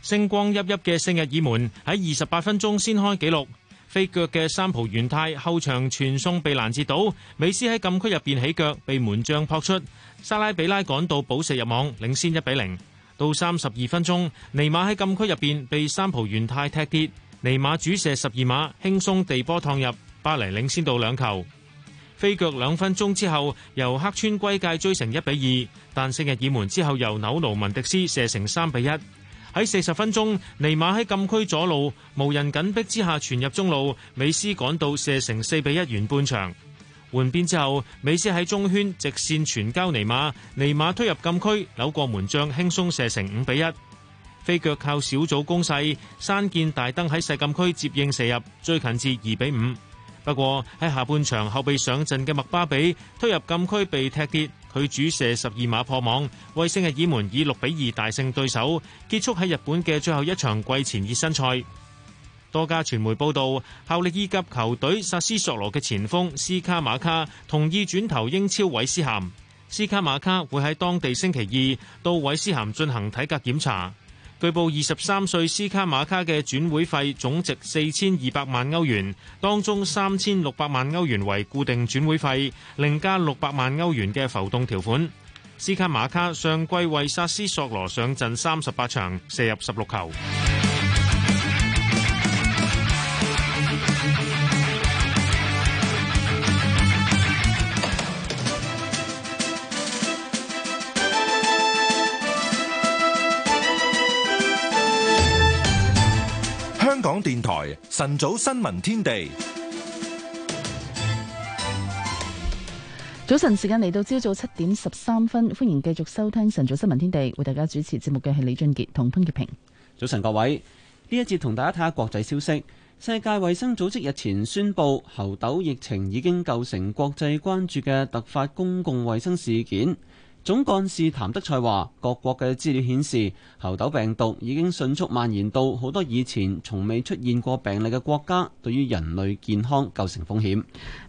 星光熠熠嘅聖日耳門喺二十八分鐘先開紀錄，飛腳嘅三浦元泰後場傳送被攔截到，美斯喺禁區入邊起腳被門將撲出，沙拉比拉趕到補射入網，領先一比零。到三十二分鐘，尼馬喺禁區入邊被三浦元泰踢跌。尼馬主射十二碼，輕鬆地波趟入，巴黎領先到兩球。飛腳兩分鐘之後，由黑川歸界追成一比二，但聖日耳門之後，由紐勞文迪斯射成三比一。喺四十分鐘，尼馬喺禁區左路無人緊逼之下傳入中路，美斯趕到射成四比一完半場。換邊之後，美斯喺中圈直線傳交尼馬，尼馬推入禁區，扭過門將，輕鬆射成五比一。飛腳靠小組攻勢，山健大燈喺細禁區接應射入，最近至二比五。不過喺下半場，後備上陣嘅麥巴比推入禁區被踢跌，佢主射十二碼破網，為聖日耳門以六比二大勝對手，結束喺日本嘅最後一場季前熱身賽。多家傳媒報道，效力意甲球隊薩斯索羅嘅前鋒斯卡馬卡同意轉投英超韋斯咸。斯卡馬卡會喺當地星期二到韋斯咸進行體格檢查。據報，二十三歲斯卡馬卡嘅轉會費總值四千二百萬歐元，當中三千六百萬歐元為固定轉會費，另加六百萬歐元嘅浮動條款。斯卡馬卡上季為薩斯索羅上陣三十八場，射入十六球。電台晨早新聞天地，早晨時間嚟到，朝早七點十三分，歡迎繼續收聽晨早新聞天地。為大家主持節目嘅係李俊傑同潘潔平。早晨各位，呢一節同大家睇下國際消息。世界衛生組織日前宣布，猴痘疫情已經構成國際關注嘅突發公共衛生事件。總幹事譚德賽話：各國嘅資料顯示，猴痘病毒已經迅速蔓延到好多以前從未出現過病例嘅國家，對於人類健康構成風險。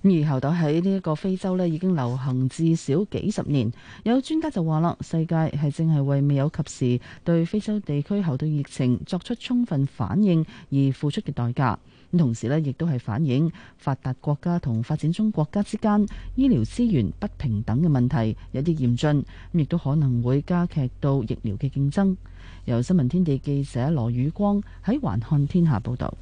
咁而猴痘喺呢一個非洲咧，已經流行至少幾十年。有專家就話啦，世界係正係為未有及時對非洲地區猴痘疫情作出充分反應而付出嘅代價。咁同時呢，亦都係反映發達國家同發展中國家之間醫療資源不平等嘅問題有啲嚴峻，亦都可能會加劇到疫苗嘅競爭。由新聞天地記者羅宇光喺環看天下報導。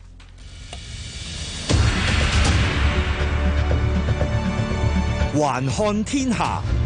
環看天下。報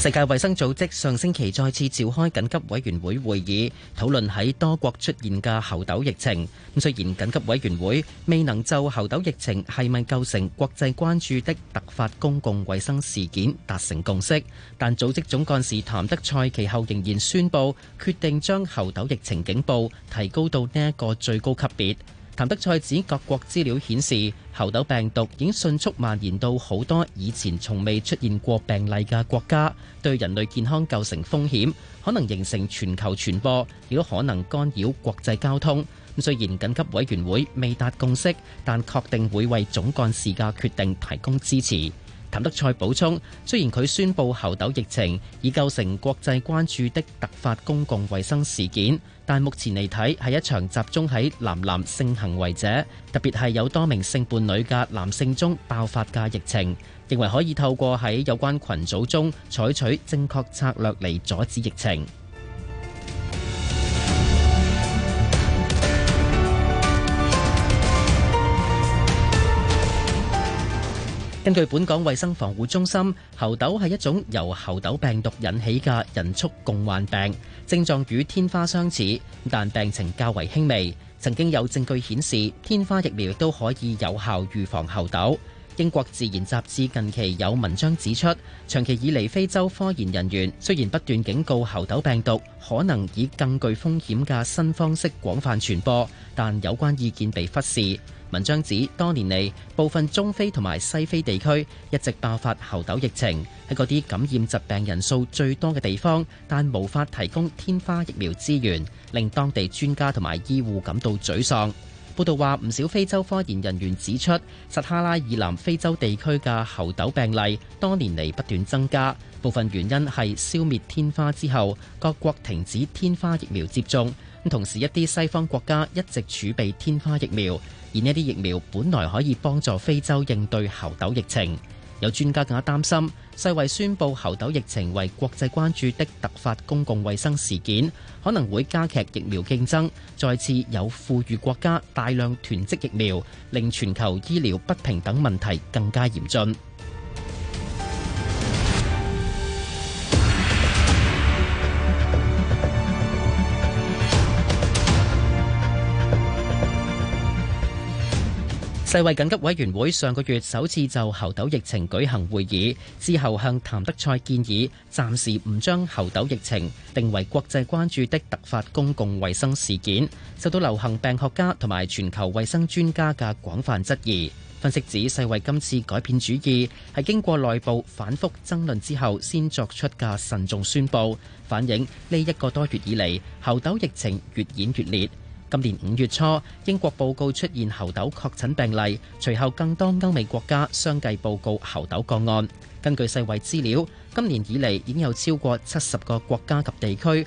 世界衛生組織上星期再次召開緊急委員會會議，討論喺多國出現嘅猴痘疫情。咁雖然緊急委員會未能就猴痘疫情係咪構成國際關注的突發公共衛生事件達成共識，但組織總幹事譚德賽其後仍然宣布，決定將猴痘疫情警報提高到呢一個最高級別。譚德塞指各國資料顯示，猴痘病毒已迅速蔓延到好多以前從未出現過病例嘅國家，對人類健康構成風險，可能形成全球傳播，亦都可能干擾國際交通。咁雖然緊急委員會未達共識，但確定會為總幹事嘅決定提供支持。譚德賽補充：雖然佢宣布猴痘疫情已構成國際關注的突發公共衛生事件，但目前嚟睇，係一場集中喺男男性行為者，特別係有多名性伴侶嘅男性中爆發嘅疫情。認為可以透過喺有關群組中採取正確策略嚟阻止疫情。根據本港衛生防護中心，猴痘係一種由猴痘病毒引起嘅人畜共患病，症狀與天花相似，但病情較為輕微。曾經有證據顯示，天花疫苗亦都可以有效預防猴痘。英國自然雜誌近期有文章指出，長期以嚟非洲科研人員雖然不斷警告猴痘病毒可能以更具風險嘅新方式廣泛傳播，但有關意見被忽視。文章指，多年嚟部分中非同埋西非地區一直爆發猴痘疫情，喺嗰啲感染疾病人數最多嘅地方，但無法提供天花疫苗資源，令當地專家同埋醫護感到沮喪。報道話，唔少非洲科研人員指出，撒哈拉以南非洲地區嘅猴痘病例多年嚟不斷增加，部分原因係消滅天花之後，各國停止天花疫苗接種。同時，一啲西方國家一直儲備天花疫苗，而呢啲疫苗本來可以幫助非洲應對猴痘疫情。有專家更加擔心，世衛宣布猴痘疫情為國際關注的突發公共衛生事件，可能會加劇疫苗競爭，再次有富裕國家大量囤積疫苗，令全球醫療不平等問題更加嚴峻。世衛緊急委員會上個月首次就猴痘疫情舉行會議之後，向譚德塞建議暫時唔將猴痘疫情定為國際關注的突發公共衛生事件，受到流行病學家同埋全球衛生專家嘅廣泛質疑。分析指世衛今次改變主意係經過內部反覆爭論之後先作出嘅慎重宣布，反映呢一個多月以嚟猴痘疫情越演越烈。今年五月初，英國報告出現猴痘確診病例，隨後更多歐美國家相繼報告猴痘個案。根據世衛資料，今年以嚟已經有超過七十個國家及地區。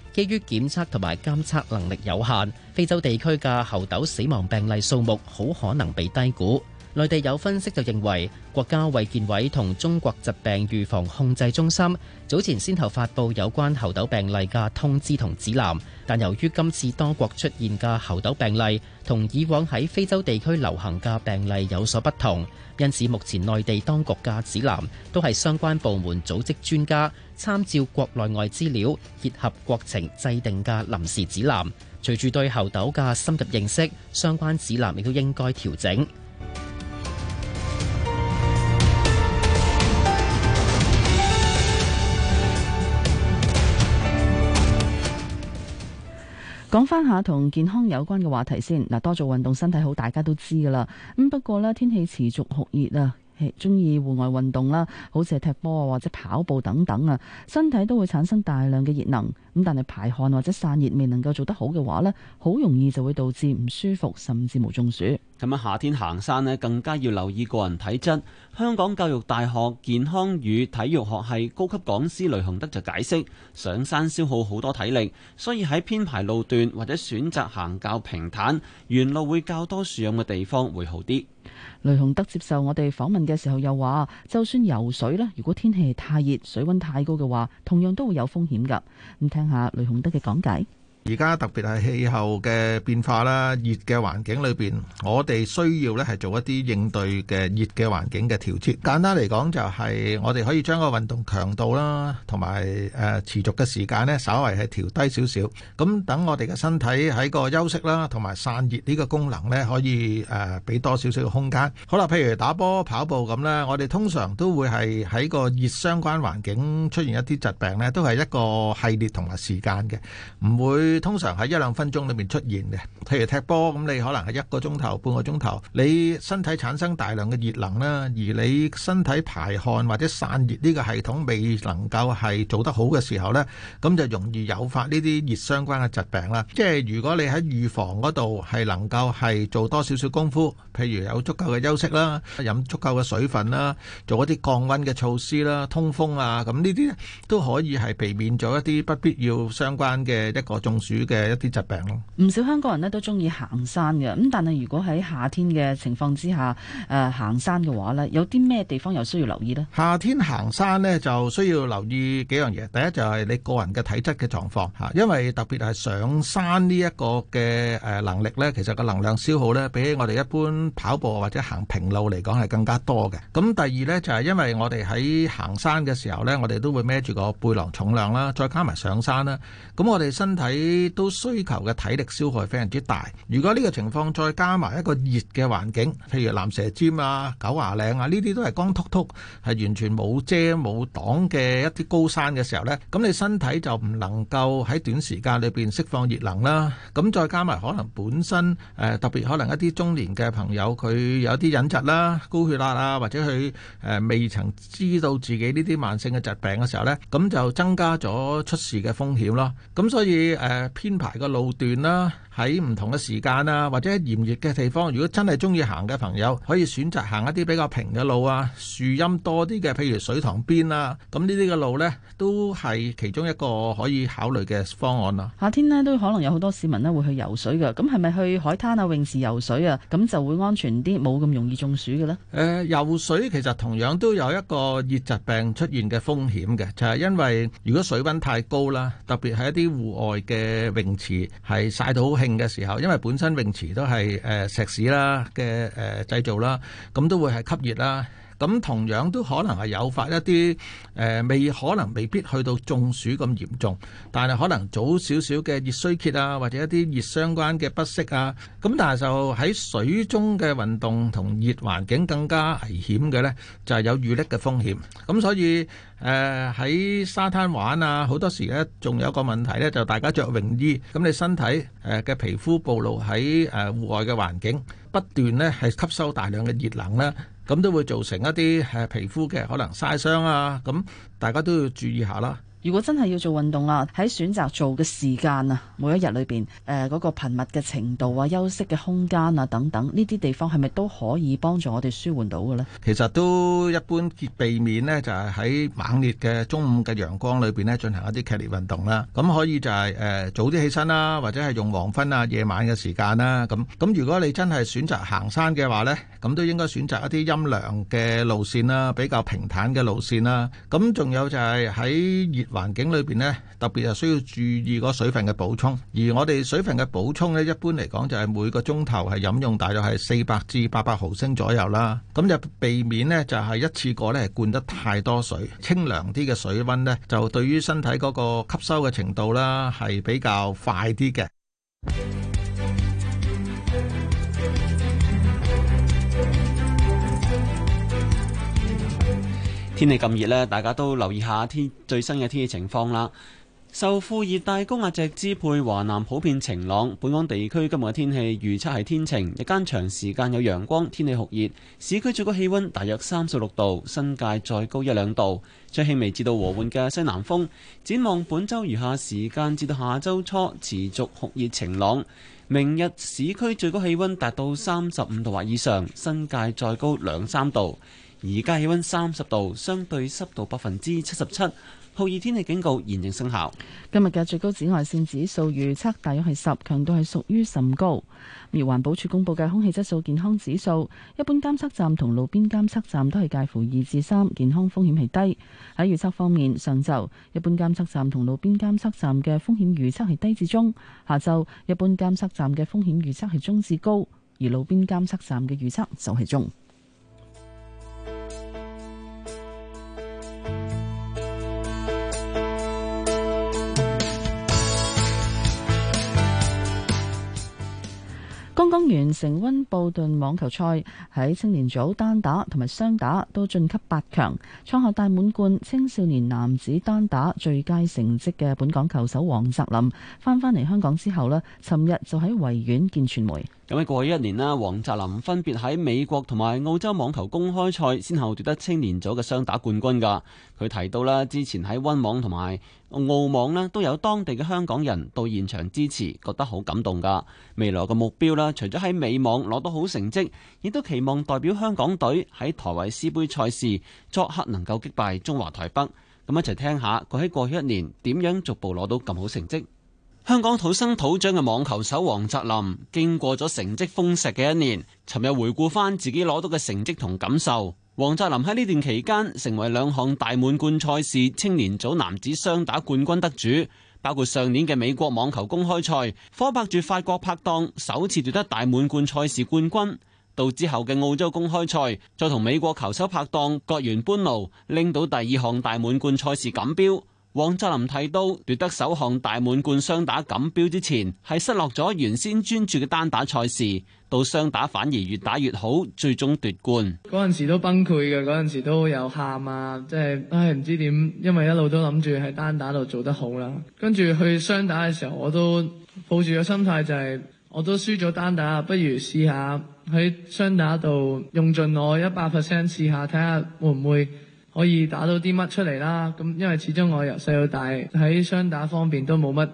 基於檢測同埋監測能力有限，非洲地區嘅猴痘死亡病例數目好可能被低估。內地有分析就認為，國家衛健委同中國疾病預防控制中心早前先後發布有關猴痘病例嘅通知同指南，但由於今次多國出現嘅猴痘病例同以往喺非洲地區流行嘅病例有所不同，因此目前內地當局嘅指南都係相關部門組織專家參照國內外資料，結合國情制定嘅臨時指南。隨住對猴痘嘅深入認識，相關指南亦都應該調整。講翻下同健康有關嘅話題先嗱。多做運動身體好，大家都知噶啦。不過呢，天氣持續酷熱啊。中意戶外運動啦，好似踢波啊，或者跑步等等啊，身體都會產生大量嘅熱能，咁但係排汗或者散熱未能夠做得好嘅話呢，好容易就會導致唔舒服，甚至無中暑。咁喺夏天行山呢，更加要留意個人體質。香港教育大學健康與體育學系高級講師雷雄德就解釋，上山消耗好多體力，所以喺編排路段或者選擇行較平坦、沿路會較多樹蔭嘅地方會好啲。雷洪德接受我哋訪問嘅時候又話，就算游水咧，如果天氣太熱，水温太高嘅話，同樣都會有風險噶。咁聽下雷洪德嘅講解。而家特別係氣候嘅變化啦，熱嘅環境裏邊，我哋需要呢係做一啲應對嘅熱嘅環境嘅調節。簡單嚟講，就係我哋可以將個運動強度啦，同埋誒持續嘅時間呢，稍為係調低少少。咁等我哋嘅身體喺個休息啦，同埋散熱呢個功能呢，可以誒俾多少少嘅空間。好啦，譬如打波、跑步咁呢，我哋通常都會係喺個熱相關環境出現一啲疾病呢，都係一個系列同埋時間嘅，唔會。佢通常喺一兩分鐘裏面出現嘅，譬如踢波咁，你可能係一個鐘頭、半個鐘頭，你身體產生大量嘅熱能啦，而你身體排汗或者散熱呢個系統未能夠係做得好嘅時候呢，咁就容易誘發呢啲熱相關嘅疾病啦。即係如果你喺預防嗰度係能夠係做多少少功夫，譬如有足夠嘅休息啦，飲足夠嘅水分啦，做一啲降溫嘅措施啦，通風啊，咁呢啲都可以係避免咗一啲不必要相關嘅一個重。主嘅一啲疾病咯，唔少香港人呢都中意行山嘅，咁但係如果喺夏天嘅情況之下，誒行山嘅話呢，有啲咩地方又需要留意呢？夏天行山呢就需要留意幾樣嘢，第一就係你個人嘅體質嘅狀況吓，因為特別係上山呢一個嘅誒能力呢，其實個能量消耗呢，比我哋一般跑步或者行平路嚟講係更加多嘅。咁第二呢就係因為我哋喺行山嘅時候呢，我哋都會孭住個背囊重量啦，再加埋上山啦，咁我哋身體。都需求嘅體力消耗係非常之大。如果呢個情況再加埋一個熱嘅環境，譬如蚺蛇尖啊、九華嶺啊，呢啲都係光禿禿係完全冇遮冇擋嘅一啲高山嘅時候咧，咁你身體就唔能夠喺短時間裏邊釋放熱能啦。咁再加埋可能本身誒特別可能一啲中年嘅朋友，佢有啲隱疾啦、高血壓啊，或者佢誒未曾知道自己呢啲慢性嘅疾病嘅時候咧，咁就增加咗出事嘅風險咯。咁所以誒。編排嘅路段啦、啊。喺唔同嘅時間啦、啊，或者炎熱嘅地方，如果真係中意行嘅朋友，可以選擇行一啲比較平嘅路啊，樹蔭多啲嘅，譬如水塘邊啦、啊，咁呢啲嘅路呢，都係其中一個可以考慮嘅方案啦、啊。夏天呢，都可能有好多市民呢會去游水嘅，咁係咪去海灘啊泳池游水啊，咁就會安全啲，冇咁容易中暑嘅呢？誒、呃，游水其實同樣都有一個熱疾病出現嘅風險嘅，就係、是、因為如果水溫太高啦，特別係一啲戶外嘅泳池係曬到。嘅時候，因為本身泳池都係誒、呃、石屎啦嘅誒、呃、製造啦，咁都會係吸熱啦。咁同樣都可能係誘發一啲誒未可能未必去到中暑咁嚴重，但係可能早少少嘅熱衰竭啊，或者一啲熱相關嘅不適啊。咁但係就喺水中嘅運動同熱環境更加危險嘅咧，就係有遇溺嘅風險。咁所以誒喺沙灘玩啊，好多時咧仲有個問題咧，就大家著泳衣，咁你身體誒嘅皮膚暴露喺誒戶外嘅環境，不斷咧係吸收大量嘅熱能咧。咁都會造成一啲皮膚嘅可能曬傷啊，咁大家都要注意下啦。如果真係要做運動啦，喺選擇做嘅時間啊，每一日裏邊誒嗰個頻密嘅程度啊、休息嘅空間啊等等，呢啲地方係咪都可以幫助我哋舒緩到嘅呢？其實都一般避免呢，就係、是、喺猛烈嘅中午嘅陽光裏邊呢進行一啲劇烈運動啦。咁可以就係、是、誒、呃、早啲起身啦，或者係用黃昏啊、夜晚嘅時間啦。咁咁如果你真係選擇行山嘅話呢，咁都應該選擇一啲陰涼嘅路線啦，比較平坦嘅路線啦。咁仲有就係喺熱環境裏邊呢，特別係需要注意個水分嘅補充，而我哋水分嘅補充呢，一般嚟講就係每個鐘頭係飲用大約係四百至八百毫升左右啦。咁就避免呢，就係、是、一次過呢灌得太多水，清涼啲嘅水溫呢，就對於身體嗰個吸收嘅程度啦，係比較快啲嘅。天氣咁熱呢，大家都留意下天最新嘅天氣情況啦。受副熱帶高壓脊支配，華南普遍晴朗。本港地區今日嘅天氣預測係天晴，日間長時間有陽光，天氣酷熱。市區最高氣溫大約三十六度，新界再高一兩度。將輕微至到和緩嘅西南風。展望本周餘下時間至到下周初，持續酷熱晴朗。明日市區最高氣溫達到三十五度或以上，新界再高兩三度。而家氣溫三十度，相對濕度百分之七十七，酷熱天氣警告現正生效。今日嘅最高紫外線指數預測大約係十，強度係屬於甚高。而環保署公佈嘅空氣質素健康指數，一般監測站同路邊監測站都係介乎二至三，健康風險係低。喺預測方面，上晝一般監測站同路邊監測站嘅風險預測係低至中；下晝一般監測站嘅風險預測係中至高，而路邊監測站嘅預測就係中。剛剛完成溫布頓網球賽，喺青年組單打同埋雙打都晉級八強，創下大滿貫青少年男子單打最佳成績嘅本港球手王澤林翻返嚟香港之後呢，尋日就喺維園見傳媒。咁喺過去一年啦，王澤林分別喺美國同埋澳洲網球公開賽，先後奪得青年組嘅雙打冠軍㗎。佢提到啦，之前喺溫網同埋澳網咧，都有當地嘅香港人到現場支持，覺得好感動㗎。未來嘅目標啦，除咗喺美網攞到好成績，亦都期望代表香港隊喺台維斯杯賽事作客能夠擊敗中華台北。咁一齊聽一下佢喺過，過去一年點樣逐步攞到咁好成績。香港土生土長嘅網球手王澤林，經過咗成績豐碩嘅一年，尋日回顧翻，自己攞到嘅成績同感受。王澤林喺呢段期間，成為兩項大滿貫賽事青年組男子雙打冠軍得主，包括上年嘅美國網球公開賽，夥拍住法國拍檔，首次奪得大滿貫賽事冠軍；到之後嘅澳洲公開賽，再同美國球手拍檔，割完半路，拎到第二項大滿貫賽事錦標。王澤林提到，奪得首項大滿貫雙打錦標之前，係失落咗原先專注嘅單打賽事，到雙打反而越打越好，最終奪冠。嗰陣時都崩潰嘅，嗰陣時都有喊啊，即係，唉，唔知點，因為一路都諗住喺單打度做得好啦。跟住去雙打嘅時候，我都抱住個心態就係，我都輸咗單打，不如試下喺雙打度用盡我一百 percent 試下，睇下會唔會。可以打到啲乜出嚟啦？咁因為始終我由細到大喺雙打方面都冇乜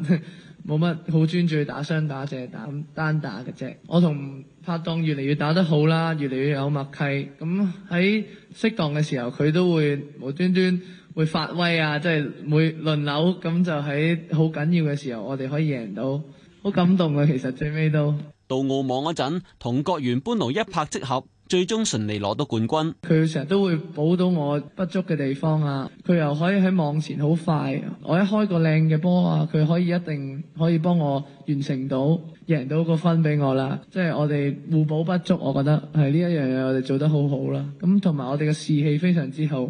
冇乜好專注打雙打，淨係打單打嘅啫。我同拍檔越嚟越打得好啦，越嚟越有默契。咁喺適當嘅時候，佢都會無端端會發威啊！即係每輪流咁就喺好緊要嘅時候，我哋可以贏到，好感動啊！其實最尾都到澳網嗰陣，同國原搬奴一拍即合。最終順利攞到冠軍。佢成日都會補到我不足嘅地方啊！佢又可以喺網前好快，我一開個靚嘅波啊，佢可以一定可以幫我完成到贏到個分俾我啦。即係我哋互補不足，我覺得係呢一樣嘢我哋做得好好啦。咁同埋我哋嘅士氣非常之好。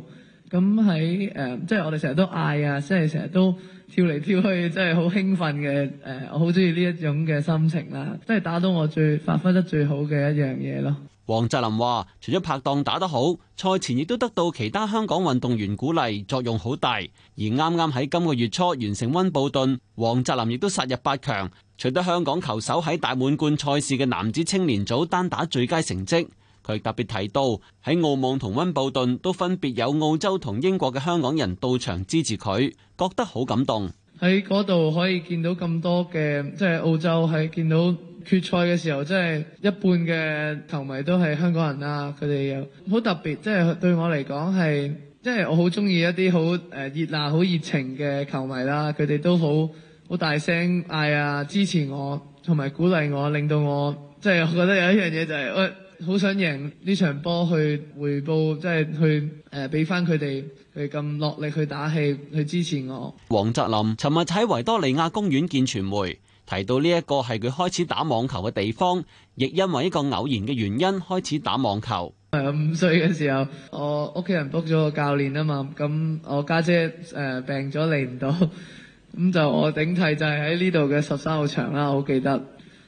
咁喺誒，即係我哋成日都嗌啊，即係成日都跳嚟跳去，即係好興奮嘅。誒、呃，我好中意呢一種嘅心情啦、啊，即係打到我最發揮得最好嘅一樣嘢咯。黃澤林話，除咗拍檔打得好，賽前亦都得到其他香港運動員鼓勵，作用好大。而啱啱喺今個月初完成温布頓，黃澤林亦都殺入八強，取得香港球手喺大滿貫賽事嘅男子青年組單打最佳成績。佢特別提到喺澳網同温布頓都分別有澳洲同英國嘅香港人到場支持佢，覺得好感動。喺嗰度可以見到咁多嘅，即係澳洲係見到。決賽嘅時候，即係一半嘅球迷都係香港人啦。佢哋又好特別，即係對我嚟講係，即係我好中意一啲好誒熱鬧、好熱情嘅球迷啦。佢哋都好好大聲嗌啊，支持我同埋鼓勵我，令到我即係我覺得有一樣嘢就係我好想贏呢場波去回報，即係去誒俾翻佢哋係咁落力去打氣去支持我。黃澤林尋日喺維多利亞公園見傳媒。提到呢一個係佢開始打網球嘅地方，亦因為一個偶然嘅原因開始打網球。誒五歲嘅時候，我屋企人 book 咗個教練啊嘛，咁我家姐誒、呃、病咗嚟唔到，咁就我頂替就係喺呢度嘅十三號場啦，我好記得。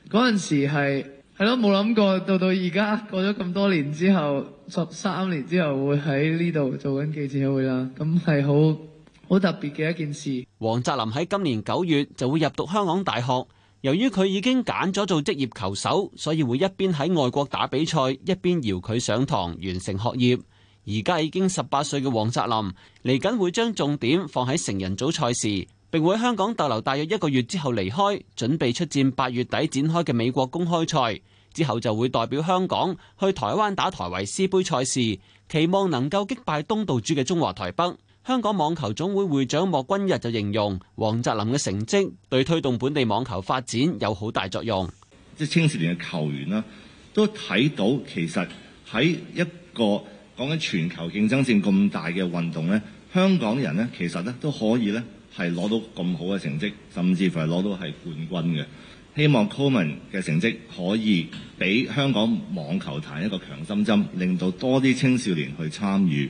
嗰陣時係係咯，冇諗過，到到而家過咗咁多年之後，十三年之後會喺呢度做緊記者會啦，咁係好。好特別嘅一件事。王澤林喺今年九月就會入讀香港大學。由於佢已經揀咗做職業球手，所以會一邊喺外國打比賽，一邊搖佢上堂完成學業。而家已經十八歲嘅王澤林，嚟緊會將重點放喺成人組賽事，並會喺香港逗留大約一個月之後離開，準備出戰八月底展開嘅美國公開賽。之後就會代表香港去台灣打台維斯杯賽事，期望能夠擊敗東道主嘅中華台北。香港網球總會會長莫君逸就形容王澤林嘅成績對推動本地網球發展有好大作用。即係青少年嘅球員啦，都睇到其實喺一個講緊全球競爭性咁大嘅運動咧，香港人咧其實咧都可以咧係攞到咁好嘅成績，甚至乎係攞到係冠軍嘅。希望 Coleman 嘅成績可以俾香港網球壇一個強心針，令到多啲青少年去參與。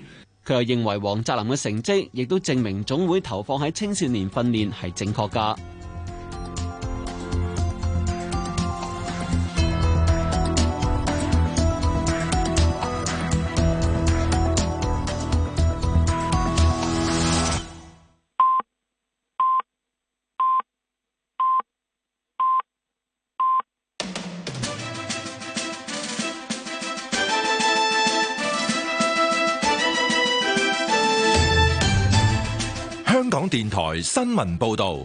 佢又認為黃澤林嘅成績亦都證明總會投放喺青少年訓練係正確㗎。台新聞報道，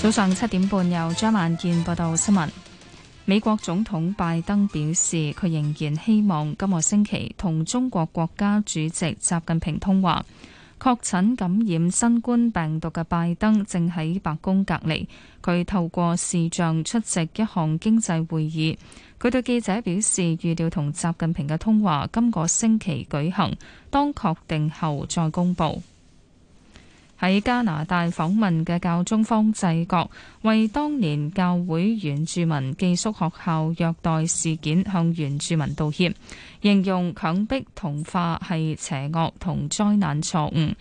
早上七點半由張萬健報道新聞。美國總統拜登表示，佢仍然希望今個星期同中國國家主席習近平通話。確診感染新冠病毒嘅拜登正喺白宮隔離，佢透過視像出席一項經濟會議。佢對記者表示，預料同習近平嘅通話今個星期舉行，當確定後再公布。喺加拿大訪問嘅教宗方濟各，為當年教會原住民寄宿學校虐待事件向原住民道歉，形容強迫同化係邪惡同災難錯誤。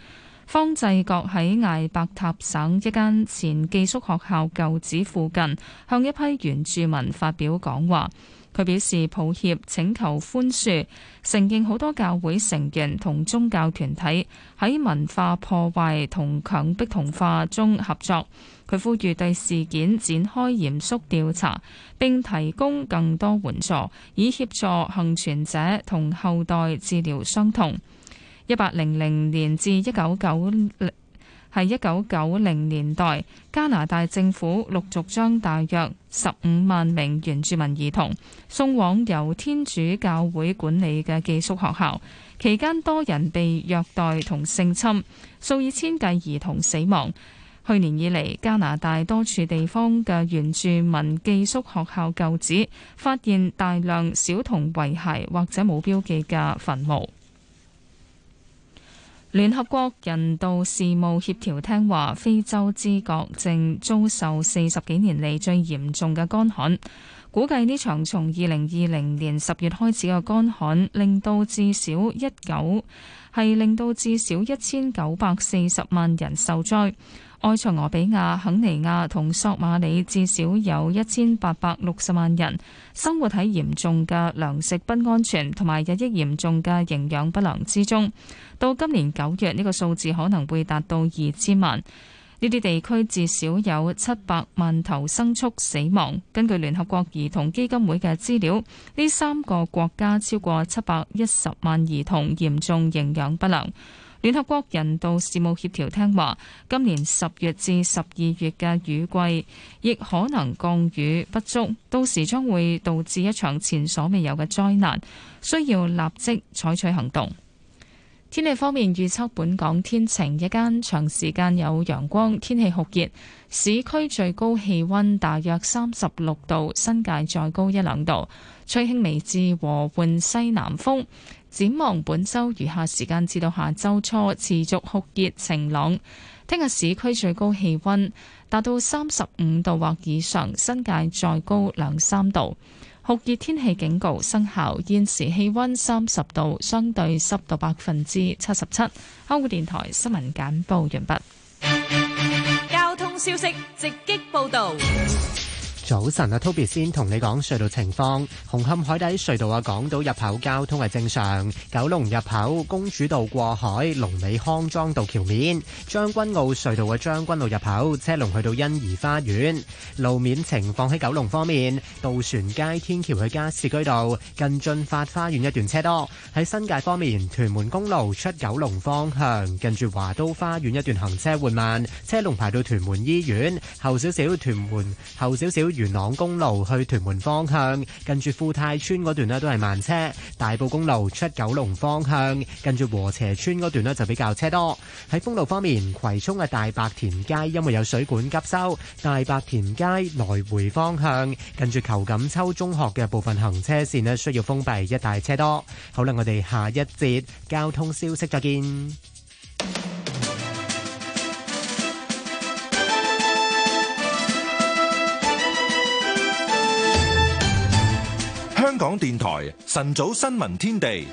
方濟各喺艾伯塔省一間前寄宿學校舊址附近，向一批原住民發表講話。佢表示抱歉，請求寬恕，承認好多教會成員同宗教團體喺文化破壞同強迫同化中合作。佢呼籲對事件展開嚴肅調查，並提供更多援助，以協助幸存者同後代治療傷痛。一八零零年至一九九喺一九九零年代，加拿大政府陸續將大約十五萬名原住民兒童送往由天主教會管理嘅寄宿學校，期間多人被虐待同性侵，數以千計兒童死亡。去年以嚟，加拿大多處地方嘅原住民寄宿學校舊址發現大量小童遺骸或者冇標記嘅墳墓。聯合國人道事務協調廳話，非洲之角正遭受四十幾年嚟最嚴重嘅乾旱，估計呢場從二零二零年十月開始嘅乾旱，令到至少一九係令到至少一千九百四十萬人受災。埃塞俄比亞、肯尼亞同索馬里，至少有一千八百六十萬人生活喺嚴重嘅糧食不安全同埋日益嚴重嘅營養不良之中。到今年九月呢個數字可能會達到二千萬，呢啲地區至少有七百萬頭牲畜死亡。根據聯合國兒童基金會嘅資料，呢三個國家超過七百一十萬兒童嚴重營養不良。聯合國人道事務協調廳話，今年十月至十二月嘅雨季，亦可能降雨不足，到時將會導致一場前所未有嘅災難，需要立即採取行動。天氣方面預測，本港天晴一間長時間有陽光，天氣酷熱，市區最高氣溫大約三十六度，新界再高一兩度，吹輕微至和緩西南風。展望本周餘下時間至到下周初持續酷熱晴朗，聽日市區最高氣溫達到三十五度或以上，新界再高兩三度。酷熱天氣警告生效，現時氣溫三十度，相對濕度百分之七十七。香港電台新聞簡報完畢。交通消息直擊報道。早晨阿、啊、Toby 先同你講隧道情況。紅磡海底隧道啊，港島入口交通係正常。九龍入口公主道過海，龍尾康莊道橋面。將軍澳隧道嘅將軍澳入口車龍去到欣怡花園。路面情況，喺九龍方面，渡船街天橋去加士居道近駿發花園一段車多。喺新界方面，屯門公路出九龍方向近住華都花園一段行車緩慢，車龍排到屯門醫院後少少，屯門後少少。元朗公路去屯門方向，近住富泰村嗰段咧都係慢車；大埔公路出九龍方向，近住和斜村嗰段咧就比較車多。喺封路方面，葵涌嘅大白田街因為有水管急修，大白田街來回方向近住裘錦秋中學嘅部分行車線咧需要封閉，一帶車多。好啦，我哋下一節交通消息再見。香港電台晨早新聞天地。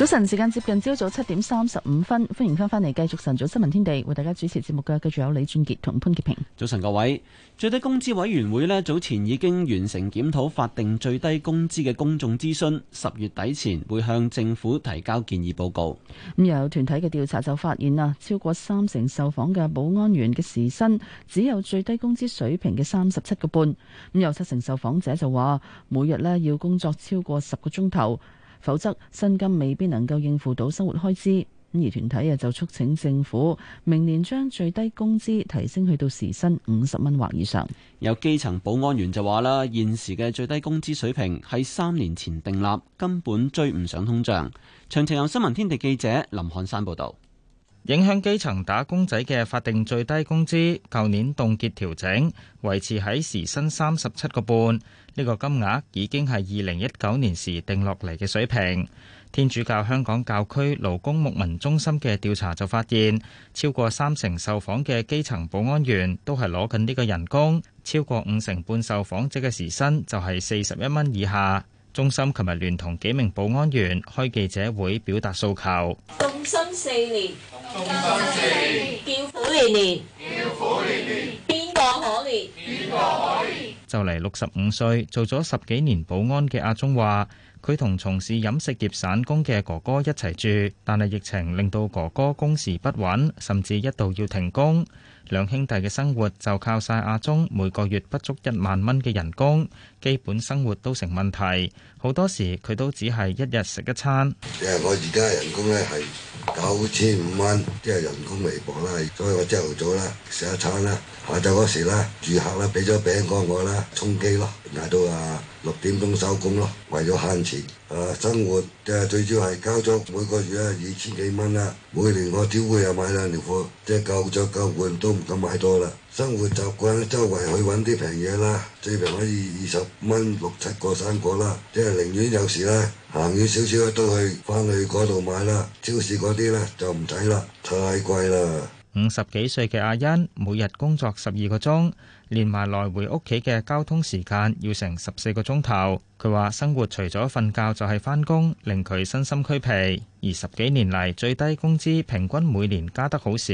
早晨，時間接近朝早七點三十五分，歡迎翻返嚟繼續晨早新聞天地，為大家主持節目嘅繼續有李俊杰同潘潔平。早晨各位，最低工資委員會呢，早前已經完成檢討法定最低工資嘅公眾諮詢，十月底前會向政府提交建議報告。咁、嗯、有團體嘅調查就發現啊，超過三成受訪嘅保安員嘅時薪只有最低工資水平嘅三十七個半。咁、嗯、有七成受訪者就話，每日呢要工作超過十個鐘頭，否則薪金未必能夠應付到生活開支，咁而團體啊就促請政府明年將最低工資提升去到時薪五十蚊或以上。有基層保安員就話啦，現時嘅最低工資水平喺三年前訂立，根本追唔上通脹。詳情由新聞天地記者林漢山報道。影響基層打工仔嘅法定最低工資，舊年凍結調整，維持喺時薪三十七個半。呢個金額已經係二零一九年時定落嚟嘅水平。天主教香港教區勞工牧民中心嘅調查就發現，超過三成受訪嘅基層保安員都係攞緊呢個人工，超過五成半受訪者嘅時薪就係四十一蚊以下。中心琴日聯同幾名保安員開記者會，表達訴求，凍薪四年。叫苦連連，叫苦連連，邊個可憐？邊個可憐？就嚟六十五歲，做咗十幾年保安嘅阿忠話，佢同從事飲食業散工嘅哥哥一齊住，但係疫情令到哥哥工時不穩，甚至一度要停工，兩兄弟嘅生活就靠晒阿忠每個月不足一萬蚊嘅人工，基本生活都成問題。好多時佢都只係一日食一餐。即係我而家人工咧係九千五蚊，即係人工微薄啦，所以我朝頭早啦食一餐啦，下晝嗰時啦住客啦俾咗餅乾我啦，充飢咯，捱到啊六點鐘收工咯，為咗慳錢啊生活，即係最少係交咗每個月啦二千幾蚊啦，每年我少會又買兩條褲，即係夠著夠換都唔敢買多啦。生活習慣，周圍去揾啲平嘢啦，最平可以二十蚊六七個生果啦，即係寧願有時啦，行遠少少都去翻去嗰度買啦，超市嗰啲啦就唔使啦，太貴啦。五十幾歲嘅阿欣，每日工作十二個鐘，連埋來回屋企嘅交通時間，要成十四個鐘頭。佢話生活除咗瞓覺就係翻工，令佢身心俱疲。而十幾年嚟，最低工資平均每年加得好少。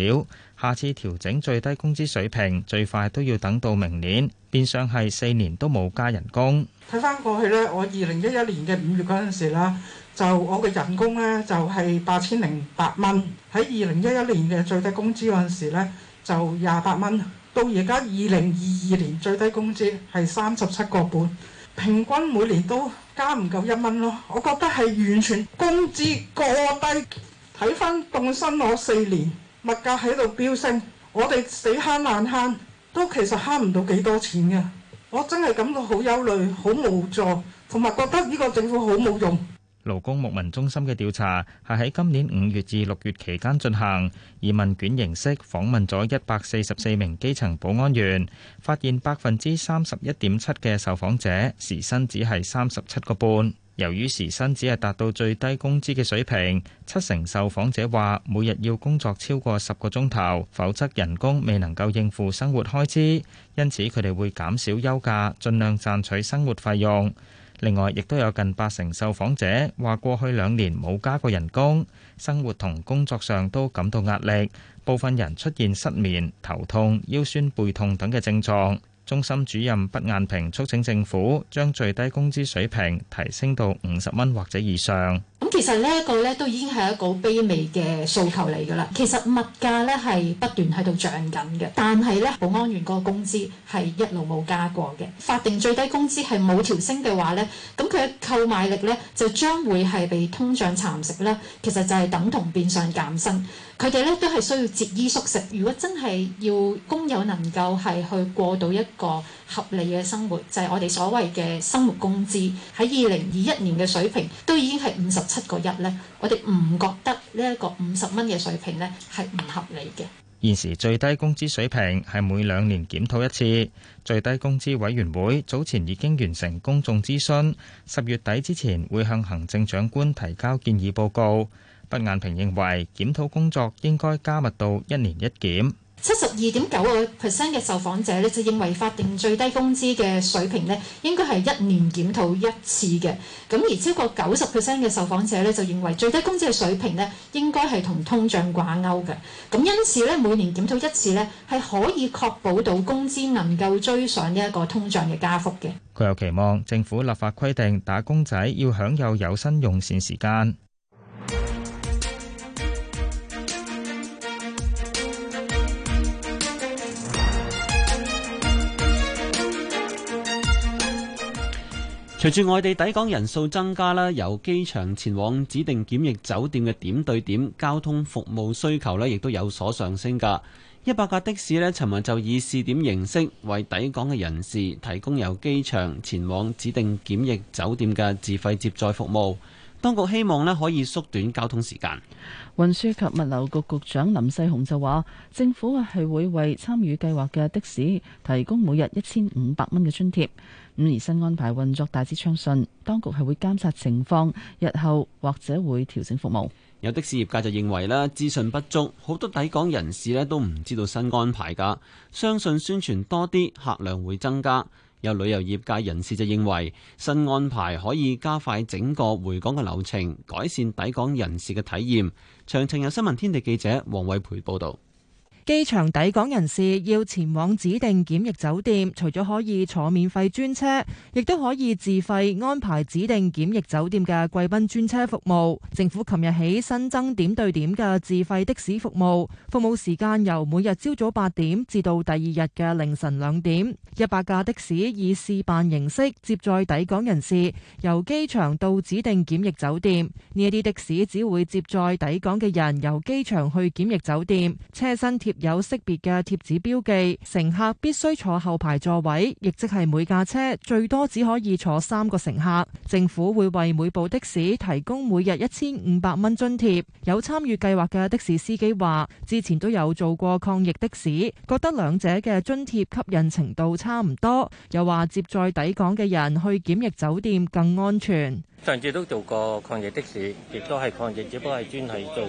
下次調整最低工資水平最快都要等到明年，變相係四年都冇加人工。睇翻過去咧，我二零一一年嘅五月嗰陣時啦，就我嘅人工咧就係八千零八蚊。喺二零一一年嘅最低工資嗰陣時咧就廿八蚊，到而家二零二二年最低工資係三十七個半，平均每年都加唔夠一蚊咯。我覺得係完全工資過低。睇翻凍薪我四年。物價喺度飆升，我哋死慳爛慳都其實慳唔到幾多錢嘅，我真係感到好憂慮、好無助，同埋覺得呢個政府好冇用。勞工牧民中心嘅調查係喺今年五月至六月期間進行，以問卷形式訪問咗一百四十四名基層保安員，發現百分之三十一點七嘅受訪者時薪只係三十七個半。由於時薪只係達到最低工資嘅水平，七成受訪者話每日要工作超過十個鐘頭，否則人工未能夠應付生活開支，因此佢哋會減少休假，盡量賺取生活費用。另外，亦都有近八成受訪者話過去兩年冇加過人工，生活同工作上都感到壓力，部分人出現失眠、頭痛、腰酸背痛等嘅症狀。中心主任畢雁平促請政府將最低工資水平提升到五十蚊或者以上。咁其實呢一個呢，都已經係一個卑微嘅訴求嚟㗎啦。其實物價呢係不斷喺度漲緊嘅，但係呢，保安員個工資係一路冇加過嘅。法定最低工資係冇調升嘅話呢，咁佢嘅購買力呢，就將會係被通脹蠶食啦。其實就係等同變相減薪。佢哋呢都係需要節衣縮食。如果真係要工友能夠係去過到一個合理嘅生活，就係我哋所謂嘅生活工資，喺二零二一年嘅水平都已經係五十七個一咧，我哋唔覺得呢一個五十蚊嘅水平咧係唔合理嘅。現時最低工資水平係每兩年檢討一次，最低工資委員會早前已經完成公眾諮詢，十月底之前會向行政長官提交建議報告。畢雁平認為檢討工作應該加密到一年一檢。七十二點九個 percent 嘅受訪者呢就認為法定最低工資嘅水平呢應該係一年檢討一次嘅，咁而超過九十 percent 嘅受訪者呢就認為最低工資嘅水平呢應該係同通脹掛鈎嘅，咁因此呢每年檢討一次呢係可以確保到工資能夠追上呢個通脹嘅加幅嘅。佢又期望政府立法規定打工仔要享有有薪用膳時間。隨住外地抵港人數增加啦，由機場前往指定檢疫酒店嘅點對點交通服務需求咧，亦都有所上升噶。一百架的士咧，尋日就以試點形式為抵港嘅人士提供由機場前往指定檢疫酒店嘅自費接載服務。當局希望咧可以縮短交通時間。運輸及物流局局長林世雄就話：政府係會為參與計劃嘅的士提供每日一千五百蚊嘅津貼。五而新安排運作大致暢順，當局係會監察情況，日後或者會調整服務。有的士業界就認為咧資訊不足，好多抵港人士咧都唔知道新安排㗎。相信宣傳多啲，客量會增加。有旅遊業界人士就認為，新安排可以加快整個回港嘅流程，改善抵港人士嘅體驗。詳情有新聞天地記者黃偉培報導。機場抵港人士要前往指定檢疫酒店，除咗可以坐免費專車，亦都可以自費安排指定檢疫酒店嘅貴賓專車服務。政府琴日起新增點對點嘅自費的士服務，服務時間由每日朝早八點至到第二日嘅凌晨兩點。一百架的士以試辦形式接載抵港人士，由機場到指定檢疫酒店。呢啲的士只會接載抵港嘅人，由機場去檢疫酒店，車身貼。有識別嘅貼紙標記，乘客必須坐後排座位，亦即係每架車最多只可以坐三個乘客。政府會為每部的士提供每日一千五百蚊津貼。有參與計劃嘅的、的士司機話，之前都有做過抗疫的士，覺得兩者嘅津貼吸引程度差唔多。又話接載抵港嘅人去檢疫酒店更安全。上次都做過抗疫的士，亦都係抗疫，只不過係專係做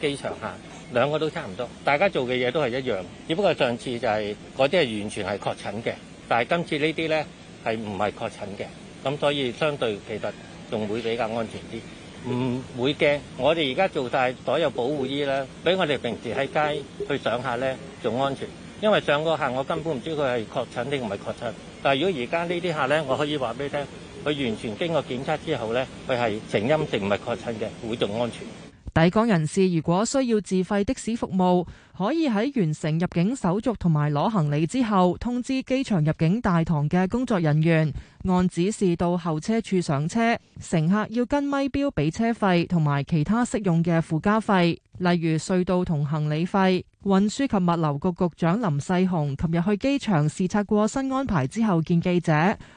機場客。兩個都差唔多，大家做嘅嘢都係一樣，只不過上次就係嗰啲係完全係確診嘅，但係今次呢啲呢係唔係確診嘅，咁所以相對其實仲會比較安全啲，唔會驚。我哋而家做曬所有保護衣呢，比我哋平時喺街去上客呢，仲安全，因為上個客我根本唔知佢係確診定唔係確診，但係如果而家呢啲客呢，我可以話俾你聽，佢完全經過檢測之後呢，佢係成陰性唔係確診嘅，會仲安全。抵港人士如果需要自費的士服務，可以喺完成入境手續同埋攞行李之後，通知機場入境大堂嘅工作人員，按指示到候車處上車。乘客要跟咪表俾車費同埋其他適用嘅附加費。例如隧道同行李費。運輸及物流局局長林世雄琴日去機場視察過新安排之後見記者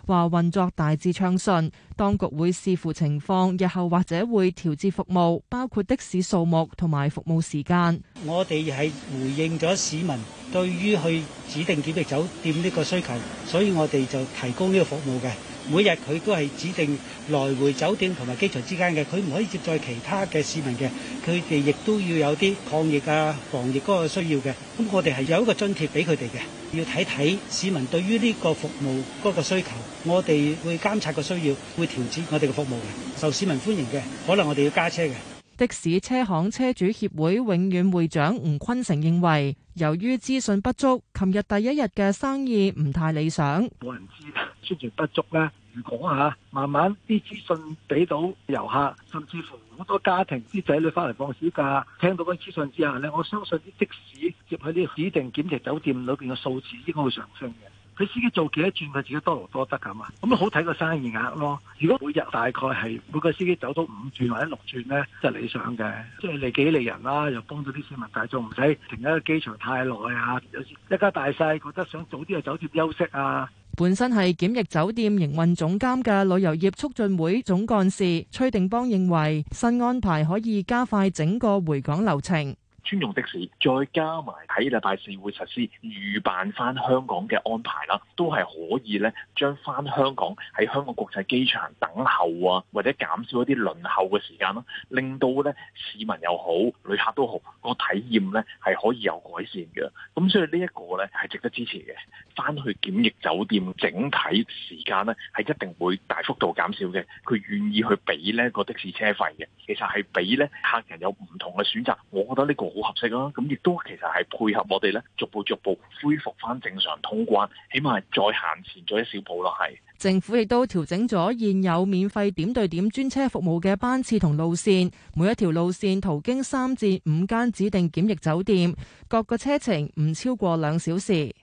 話運作大致暢順，當局會視乎情況，日後或者會調節服務，包括的士數目同埋服務時間，我哋係回應咗市民對於去指定檢疫酒店呢個需求，所以我哋就提供呢個服務嘅。每日佢都係指定來回酒店同埋機場之間嘅，佢唔可以接載其他嘅市民嘅。佢哋亦都要有啲抗疫啊、防疫個需要嘅。咁我哋係有一個津貼俾佢哋嘅。要睇睇市民對於呢個服務個需求，我哋會監察個需要，會調節我哋嘅服務嘅。受市民歡迎嘅，可能我哋要加車嘅。的士車行車主協會永遠會長吳坤成認為，由於資訊不足，琴日第一日嘅生意唔太理想。冇人知，宣傳不足咧。如果吓、啊、慢慢啲資訊俾到遊客，甚至乎好多家庭啲仔女翻嚟放暑假，聽到個資訊之後咧，我相信啲的士接去啲指定檢疫酒店裏邊嘅數字應該會上升嘅。佢司機做幾多轉，佢自己多勞多得㗎嘛。咁啊，好睇個生意額咯。如果每日大概係每個司機走到五轉或者六轉呢，就理想嘅，即係利己利人啦，又幫到啲市民，但係仲唔使停喺個機場太耐啊！一家大細覺得想早啲去酒店休息啊。本身係檢疫酒店營運總監嘅旅遊業促進會總幹事崔定邦認為，新安排可以加快整個回港流程。專用的士，再加埋喺禮拜四會實施預辦翻香港嘅安排啦，都係可以咧，將翻香港喺香港國際機場等候啊，或者減少一啲輪候嘅時間咯，令到咧市民又好，旅客都好，個體驗咧係可以有改善嘅。咁所以呢一個咧係值得支持嘅。翻去檢疫酒店整體時間咧係一定會大幅度減少嘅。佢願意去俾呢個的士車費嘅，其實係俾咧客人有唔同嘅選擇。我覺得呢個。好合適啦，咁亦都其實係配合我哋咧，逐步逐步恢復翻正常通關，起碼係再行前咗一小步咯。係政府亦都調整咗現有免費點對點專車服務嘅班次同路線，每一條路線途經三至五間指定檢疫酒店，各個車程唔超過兩小時。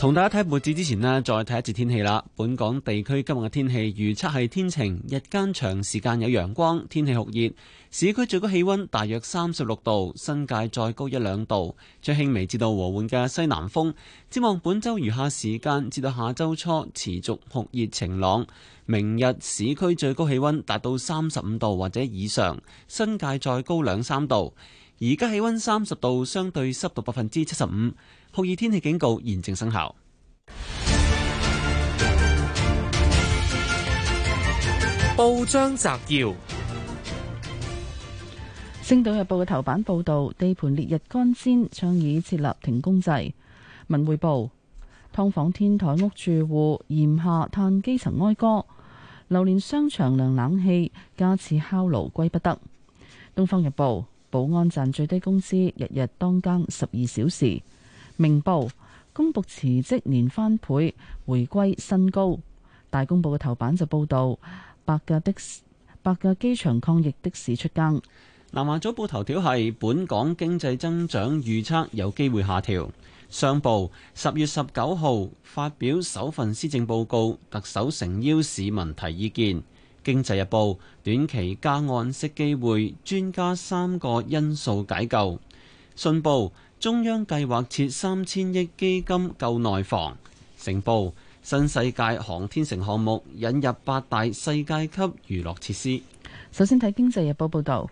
同大家睇報紙之前呢，再睇一次天氣啦。本港地區今日嘅天氣預測係天晴，日間長時間有陽光，天氣酷熱。市區最高氣溫大約三十六度，新界再高一兩度，最輕微至到和緩嘅西南風。展望本周餘下時間至到下周初，持續酷熱晴朗。明日市區最高氣溫達到三十五度或者以上，新界再高兩三度。而家氣溫三十度，相對濕度百分之七十五。酷熱天氣警告現正生效。報章摘要：《星島日報》嘅頭版報道，地盤烈日乾煎，倡議設立停工制。《文匯報》：劏房天台屋住戶炎夏嘆基層哀歌，流連商場涼冷氣，家似烤爐歸不得。《東方日報》：保安賺最低工資，日日當更十二小時。明報公佈辭職年翻倍，回歸新高。大公報嘅頭版就報導百架的士百架機場抗疫的士出更。南華早報頭條係本港經濟增長預測有機會下調。商報，十月十九號發表首份施政報告，特首誠邀市民提意見。經濟日報，短期加按息機會，專家三個因素解救。信報。中央計劃設三千億基金救內房。成報新世界航天城項目引入八大世界級娛樂設施。首先睇經濟日報報導，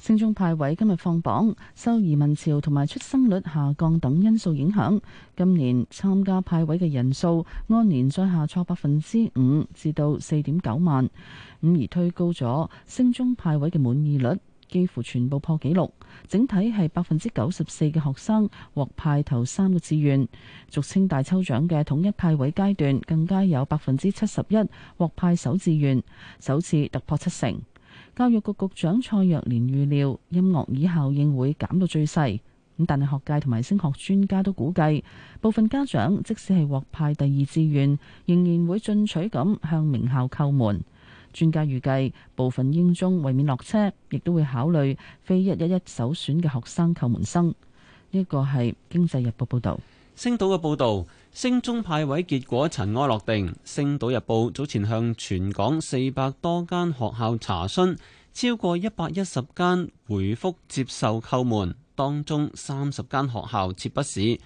升中派位今日放榜，受移民潮同埋出生率下降等因素影響，今年參加派位嘅人數按年再下挫百分之五，至到四點九萬，五而推高咗升中派位嘅滿意率。幾乎全部破紀錄，整體係百分之九十四嘅學生獲派頭三個志願，俗稱大抽獎嘅統一派位階段更加有百分之七十一獲派首志願，首次突破七成。教育局局長蔡若蓮預料音樂椅效應會減到最細，咁但係學界同埋升學專家都估計，部分家長即使係獲派第二志願，仍然會進取咁向名校叩門。專家預計部分英中為免落車，亦都會考慮非一一一首選嘅學生叩門生。呢個係《經濟日報》報導。星島嘅報導，升中派位結果塵埃落定。星島日報早前向全港四百多間學校查詢，超過一百一十間回覆接受叩門，當中三十間學校撤不市。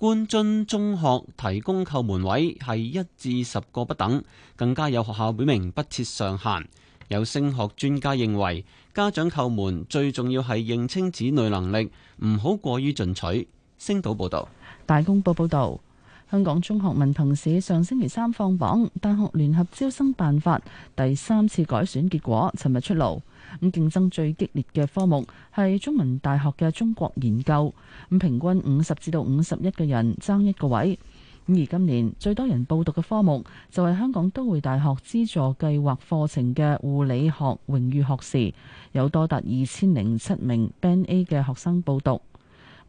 官津中學提供叩門位係一至十個不等，更加有學校表明不設上限。有升學專家認為，家長叩門最重要係認清子女能力，唔好過於進取。星島報道，大公報報道。香港中學文憑試上星期三放榜，大學聯合招生辦法第三次改選結果尋日出爐。咁競爭最激烈嘅科目係中文大學嘅中國研究，咁平均五十至到五十一個人爭一個位。咁而今年最多人報讀嘅科目就係香港都會大學資助計劃課程嘅護理學榮譽學士，有多達二千零七名 Band A 嘅學生報讀。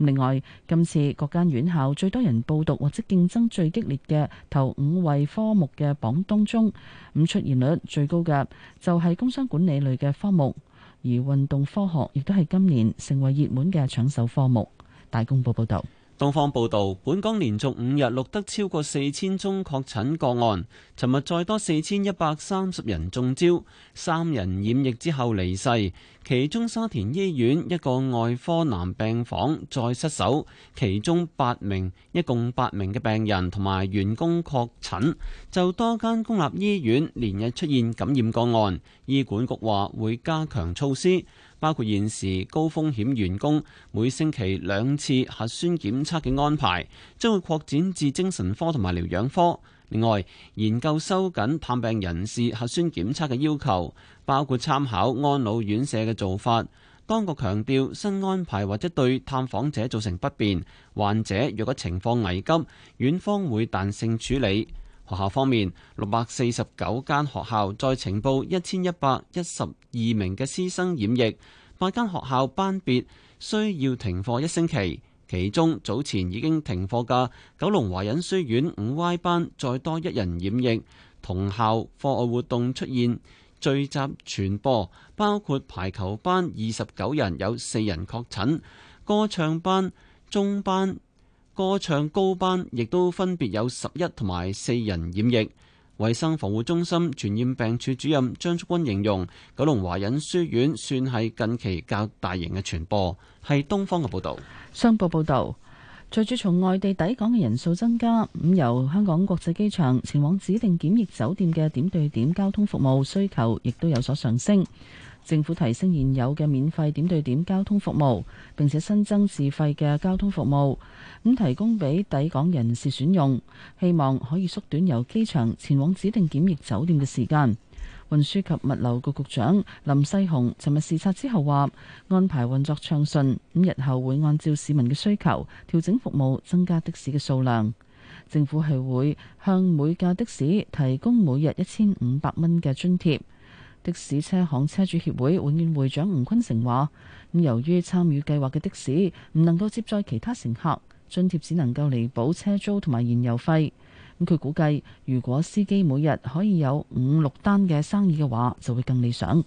另外，今次各間院校最多人報讀或者競爭最激烈嘅頭五位科目嘅榜當中，咁出現率最高嘅就係工商管理類嘅科目，而運動科學亦都係今年成為熱門嘅搶手科目。大公報報導。東方報道：本港連續五日錄得超過四千宗確診個案，尋日再多四千一百三十人中招，三人染疫之後離世。其中沙田醫院一個外科男病房再失守，其中八名、一共八名嘅病人同埋員工確診。就多間公立醫院連日出現感染個案，醫管局話會加強措施。包括現時高風險員工每星期兩次核酸檢測嘅安排，將會擴展至精神科同埋療養科。另外，研究收緊探病人士核酸檢測嘅要求，包括參考安老院舍嘅做法。當局強調，新安排或者對探訪者造成不便，患者若果情況危急，院方會彈性處理。學校方面，六百四十九間學校再呈報一千一百一十二名嘅師生染疫，八間學校班別需要停課一星期，其中早前已經停課嘅九龍華仁書院五 Y 班再多一人染疫，同校課外活動出現聚集傳播，包括排球班二十九人有四人確診，歌唱班中班。歌唱高班亦都分別有十一同埋四人染疫。衛生防護中心傳染病處主任張竹君形容九龍華仁書院算係近期較大型嘅傳播。係東方嘅報道。商報報道，隨住從外地抵港嘅人數增加，咁由香港國際機場前往指定檢疫酒店嘅點對點交通服務需求亦都有所上升。政府提升現有嘅免費點對點交通服務，並且新增自費嘅交通服務，咁提供俾抵港人士選用，希望可以縮短由機場前往指定檢疫酒店嘅時間。運輸及物流局局長林世雄尋日視察之後話，安排運作暢順，咁日後會按照市民嘅需求調整服務，增加的士嘅數量。政府係會向每架的士提供每日一千五百蚊嘅津貼。的士車行車主協會永遠會長吳坤成話：咁由於參與計劃嘅的士唔能夠接載其他乘客，津貼只能夠嚟補車租同埋燃油費。咁佢估計，如果司機每日可以有五六單嘅生意嘅話，就會更理想。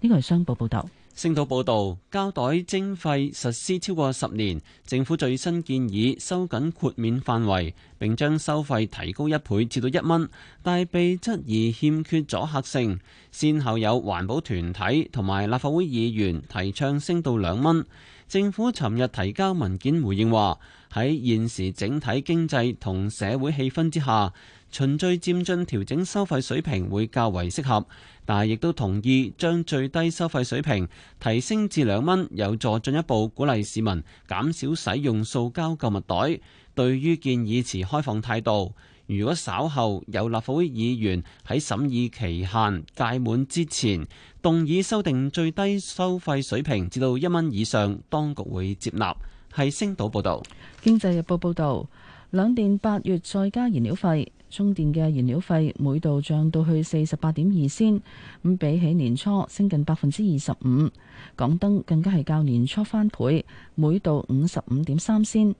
呢個係商報報道。星島報道，膠袋徵費實施超過十年，政府最新建議收緊豁免範圍，並將收費提高一倍，至到一蚊，但係被質疑欠缺阻嚇性。先後有環保團體同埋立法會議員提倡，升到兩蚊。政府尋日提交文件回應話，喺現時整體經濟同社會氣氛之下，循序漸進調整收費水平會較為適合，但係亦都同意將最低收費水平提升至兩蚊，有助進一步鼓勵市民減少使用塑膠購物袋，對於建議持開放態度，如果稍後有立法會議員喺審議期限屆滿之前動議修訂最低收費水平至到一蚊以上，當局會接納。係星島報道，《經濟日報》報道。兩電八月再加燃料費，中電嘅燃料費每度漲到去四十八點二仙，咁比起年初升近百分之二十五。港燈更加係較年初翻倍，每度五十五點三仙。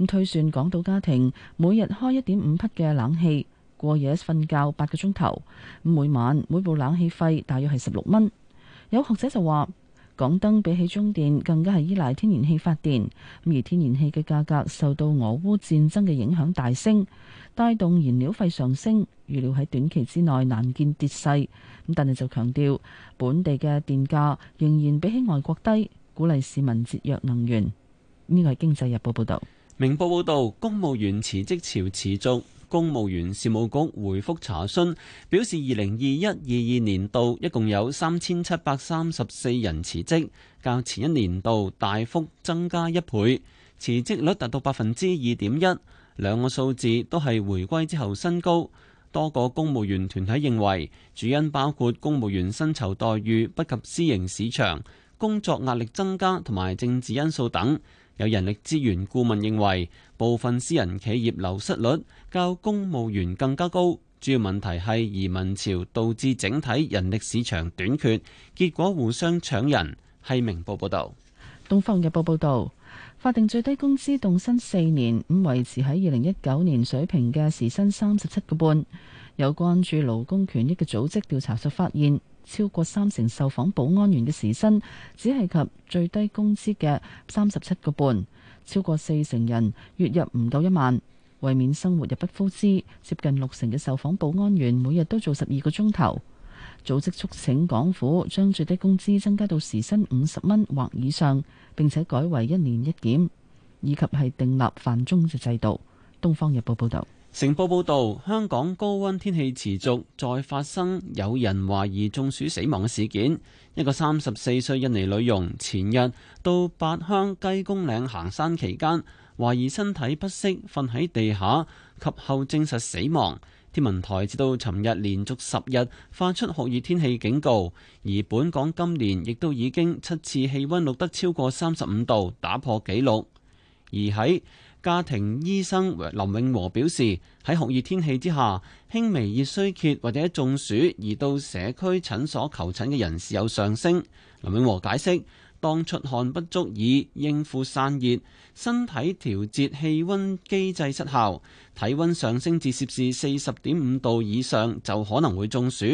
咁推算港島家庭每日開一點五匹嘅冷氣，過夜瞓覺八個鐘頭，每晚每部冷氣費大約係十六蚊。有學者就話。港燈比起中電更加係依賴天然氣發電，咁而天然氣嘅價格受到俄烏戰爭嘅影響大升，帶動燃料費上升，預料喺短期之內難見跌勢。咁但係就強調本地嘅電價仍然比起外國低，鼓勵市民節約能源。呢個係《經濟日報》報導，《明報》報導，公務員辭職潮持續。公務員事務局回覆查詢，表示二零二一二二年度一共有三千七百三十四人辭職，較前一年度大幅增加一倍，辭職率達到百分之二點一，兩個數字都係回歸之後新高。多個公務員團體認為，主因包括公務員薪酬待遇不及私營市場、工作壓力增加同埋政治因素等。有人力資源顧問認為，部分私人企業流失率較公務員更加高。主要問題係移民潮導致整體人力市場短缺，結果互相搶人。係明報報道。東方日報報道，法定最低工資凍薪四年，咁維持喺二零一九年水平嘅時薪三十七個半。有關注勞工權益嘅組織調查就發現。超過三成受訪保安員嘅時薪只係及最低工資嘅三十七個半，超過四成人月入唔到一萬，為免生活入不敷支，接近六成嘅受訪保安員每日都做十二個鐘頭。組織促請港府將最低工資增加到時薪五十蚊或以上，並且改為一年一檢，以及係訂立泛中嘅制度。《東方日報，報道》報導。成報報導，香港高溫天氣持續，再發生有人懷疑中暑死亡嘅事件。一個三十四歲印尼女傭，前日到八鄉雞公嶺行山期間，懷疑身體不適，瞓喺地下，及後證實死亡。天文台直到尋日連續十日發出酷熱天氣警告，而本港今年亦都已經七次氣溫錄得超過三十五度，打破紀錄。而喺家庭醫生林永和表示，喺酷熱天氣之下，輕微熱衰竭或者中暑而到社區診所求診嘅人士有上升。林永和解釋，當出汗不足以應付散熱，身體調節氣温機制失效，體温上升至攝氏四十點五度以上，就可能會中暑，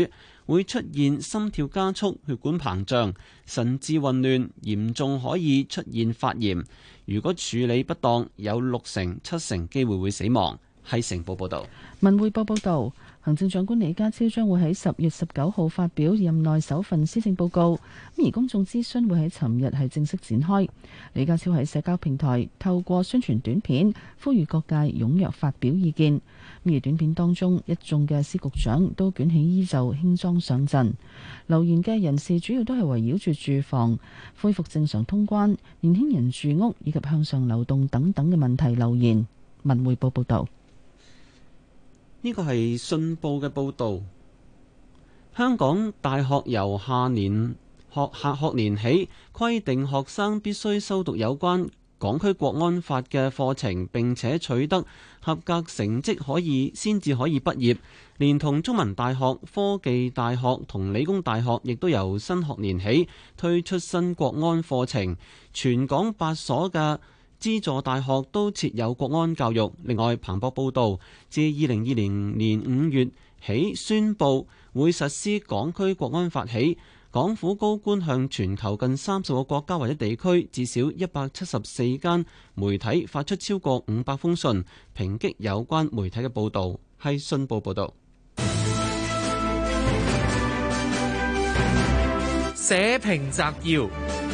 會出現心跳加速、血管膨脹、神志混亂，嚴重可以出現發炎。如果處理不當，有六成、七成機會會死亡。係成報報道。文匯報報導。行政長官李家超將會喺十月十九號發表任內首份施政報告，而公眾諮詢會喺尋日係正式展開。李家超喺社交平台透過宣傳短片，呼籲各界踴躍發表意見。而短片當中，一眾嘅司局長都捲起衣袖，輕裝上陣。留言嘅人士主要都係圍繞住住房、恢復正常通關、年輕人住屋以及向上流動等等嘅問題留言。文匯報報導。呢個係信報嘅報導。香港大學由下年學下學年起，規定學生必須修讀有關港區國安法嘅課程，並且取得合格成績，可以先至可以畢業。連同中文大學、科技大學同理工大學，亦都由新學年起推出新國安課程。全港八所嘅資助大學都設有國安教育。另外，彭博報道，自二零二零年五月起，宣布會實施港區國安法起，港府高官向全球近三十個國家或者地區至少一百七十四間媒體發出超過五百封信，抨擊有關媒體嘅報導。係信報報道，社評集要。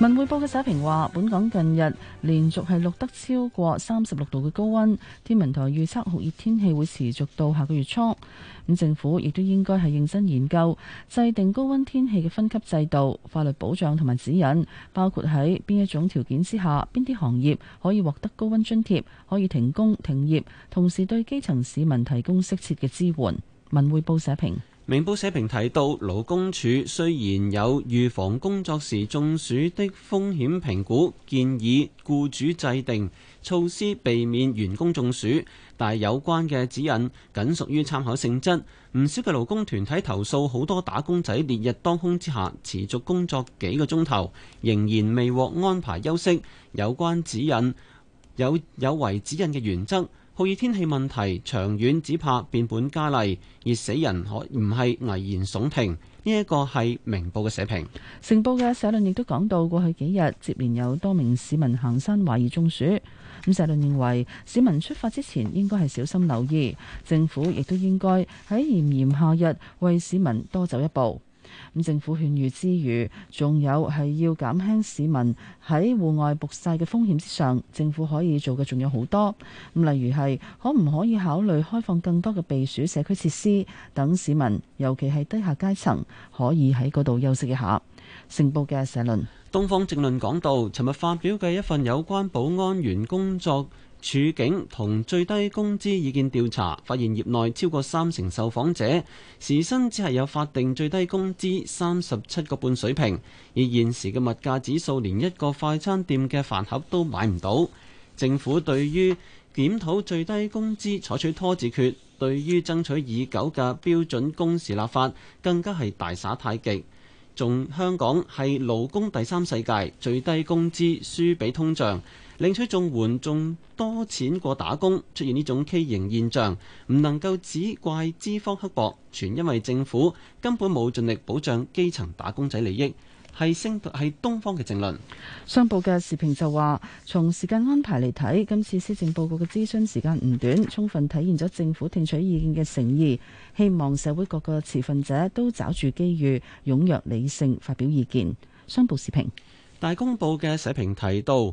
文匯報嘅社評話：本港近日連續係錄得超過三十六度嘅高温，天文台預測酷熱天氣會持續到下個月初。咁政府亦都應該係認真研究，制定高温天氣嘅分級制度、法律保障同埋指引，包括喺邊一種條件之下，邊啲行業可以獲得高温津貼，可以停工停業，同時對基層市民提供適切嘅支援。文匯報社評。明報社評提到，勞工處雖然有預防工作時中暑的風險評估，建議僱主制定措施避免員工中暑，但有關嘅指引僅屬於參考性質。唔少嘅勞工團體投訴，好多打工仔烈日當空之下持續工作幾個鐘頭，仍然未獲安排休息。有關指引有有違指引嘅原則。酷熱天氣問題長遠只怕變本加厲，熱死人可唔係危言聳聽？呢、這、一個係明報嘅社評，成報嘅社論亦都講到，過去幾日接連有多名市民行山懷疑中暑。咁社論認為市民出發之前應該係小心留意，政府亦都應該喺炎炎夏日為市民多走一步。咁政府勸喻之餘，仲有係要減輕市民喺戶外曝曬嘅風險之上，政府可以做嘅仲有好多。咁例如係可唔可以考慮開放更多嘅避暑社區設施，等市民尤其係低下階層可以喺嗰度休息一下。成報嘅社論，東方政論講到，尋日發表嘅一份有關保安員工作處境同最低工資意見調查發現，業內超過三成受訪者時薪只係有法定最低工資三十七個半水平，而現時嘅物價指數連一個快餐店嘅飯盒都買唔到。政府對於檢討最低工資採取拖字訣，對於爭取已久嘅標準工時立法更加係大耍太極。仲香港係勞工第三世界，最低工資輸俾通脹。領取綜援仲多錢過打工，出現呢種畸形現象，唔能夠只怪資方刻薄，全因為政府根本冇盡力保障基層打工仔利益，係星係東方嘅政論。商報嘅時評就話：從時間安排嚟睇，今次施政報告嘅諮詢時間唔短，充分體現咗政府聽取意見嘅誠意。希望社會各個持份者都抓住機遇，踊躍理性發表意見。商報時評。大公報嘅社評提到。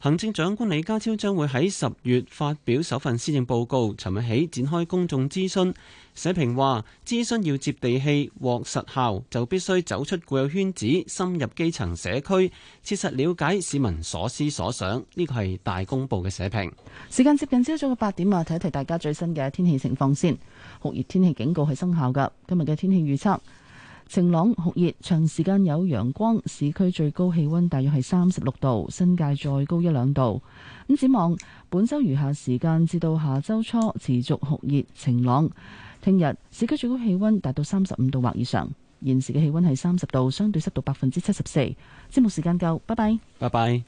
行政長官李家超將會喺十月發表首份施政報告，尋日起展開公眾諮詢。社評話，諮詢要接地氣獲實效，就必須走出固有圈子，深入基層社區，切實了解市民所思所想。呢個係大公報嘅社評。時間接近朝早嘅八點啊，睇一睇大家最新嘅天氣情況先。酷熱天氣警告係生效噶，今日嘅天氣預測。晴朗酷熱，長時間有陽光，市區最高氣溫大約係三十六度，新界再高一兩度。咁展望本周餘下時間至到下周初持續酷熱晴朗。聽日市區最高氣溫達到三十五度或以上。現時嘅氣溫係三十度，相對濕度百分之七十四。節目時間夠，拜拜，拜拜。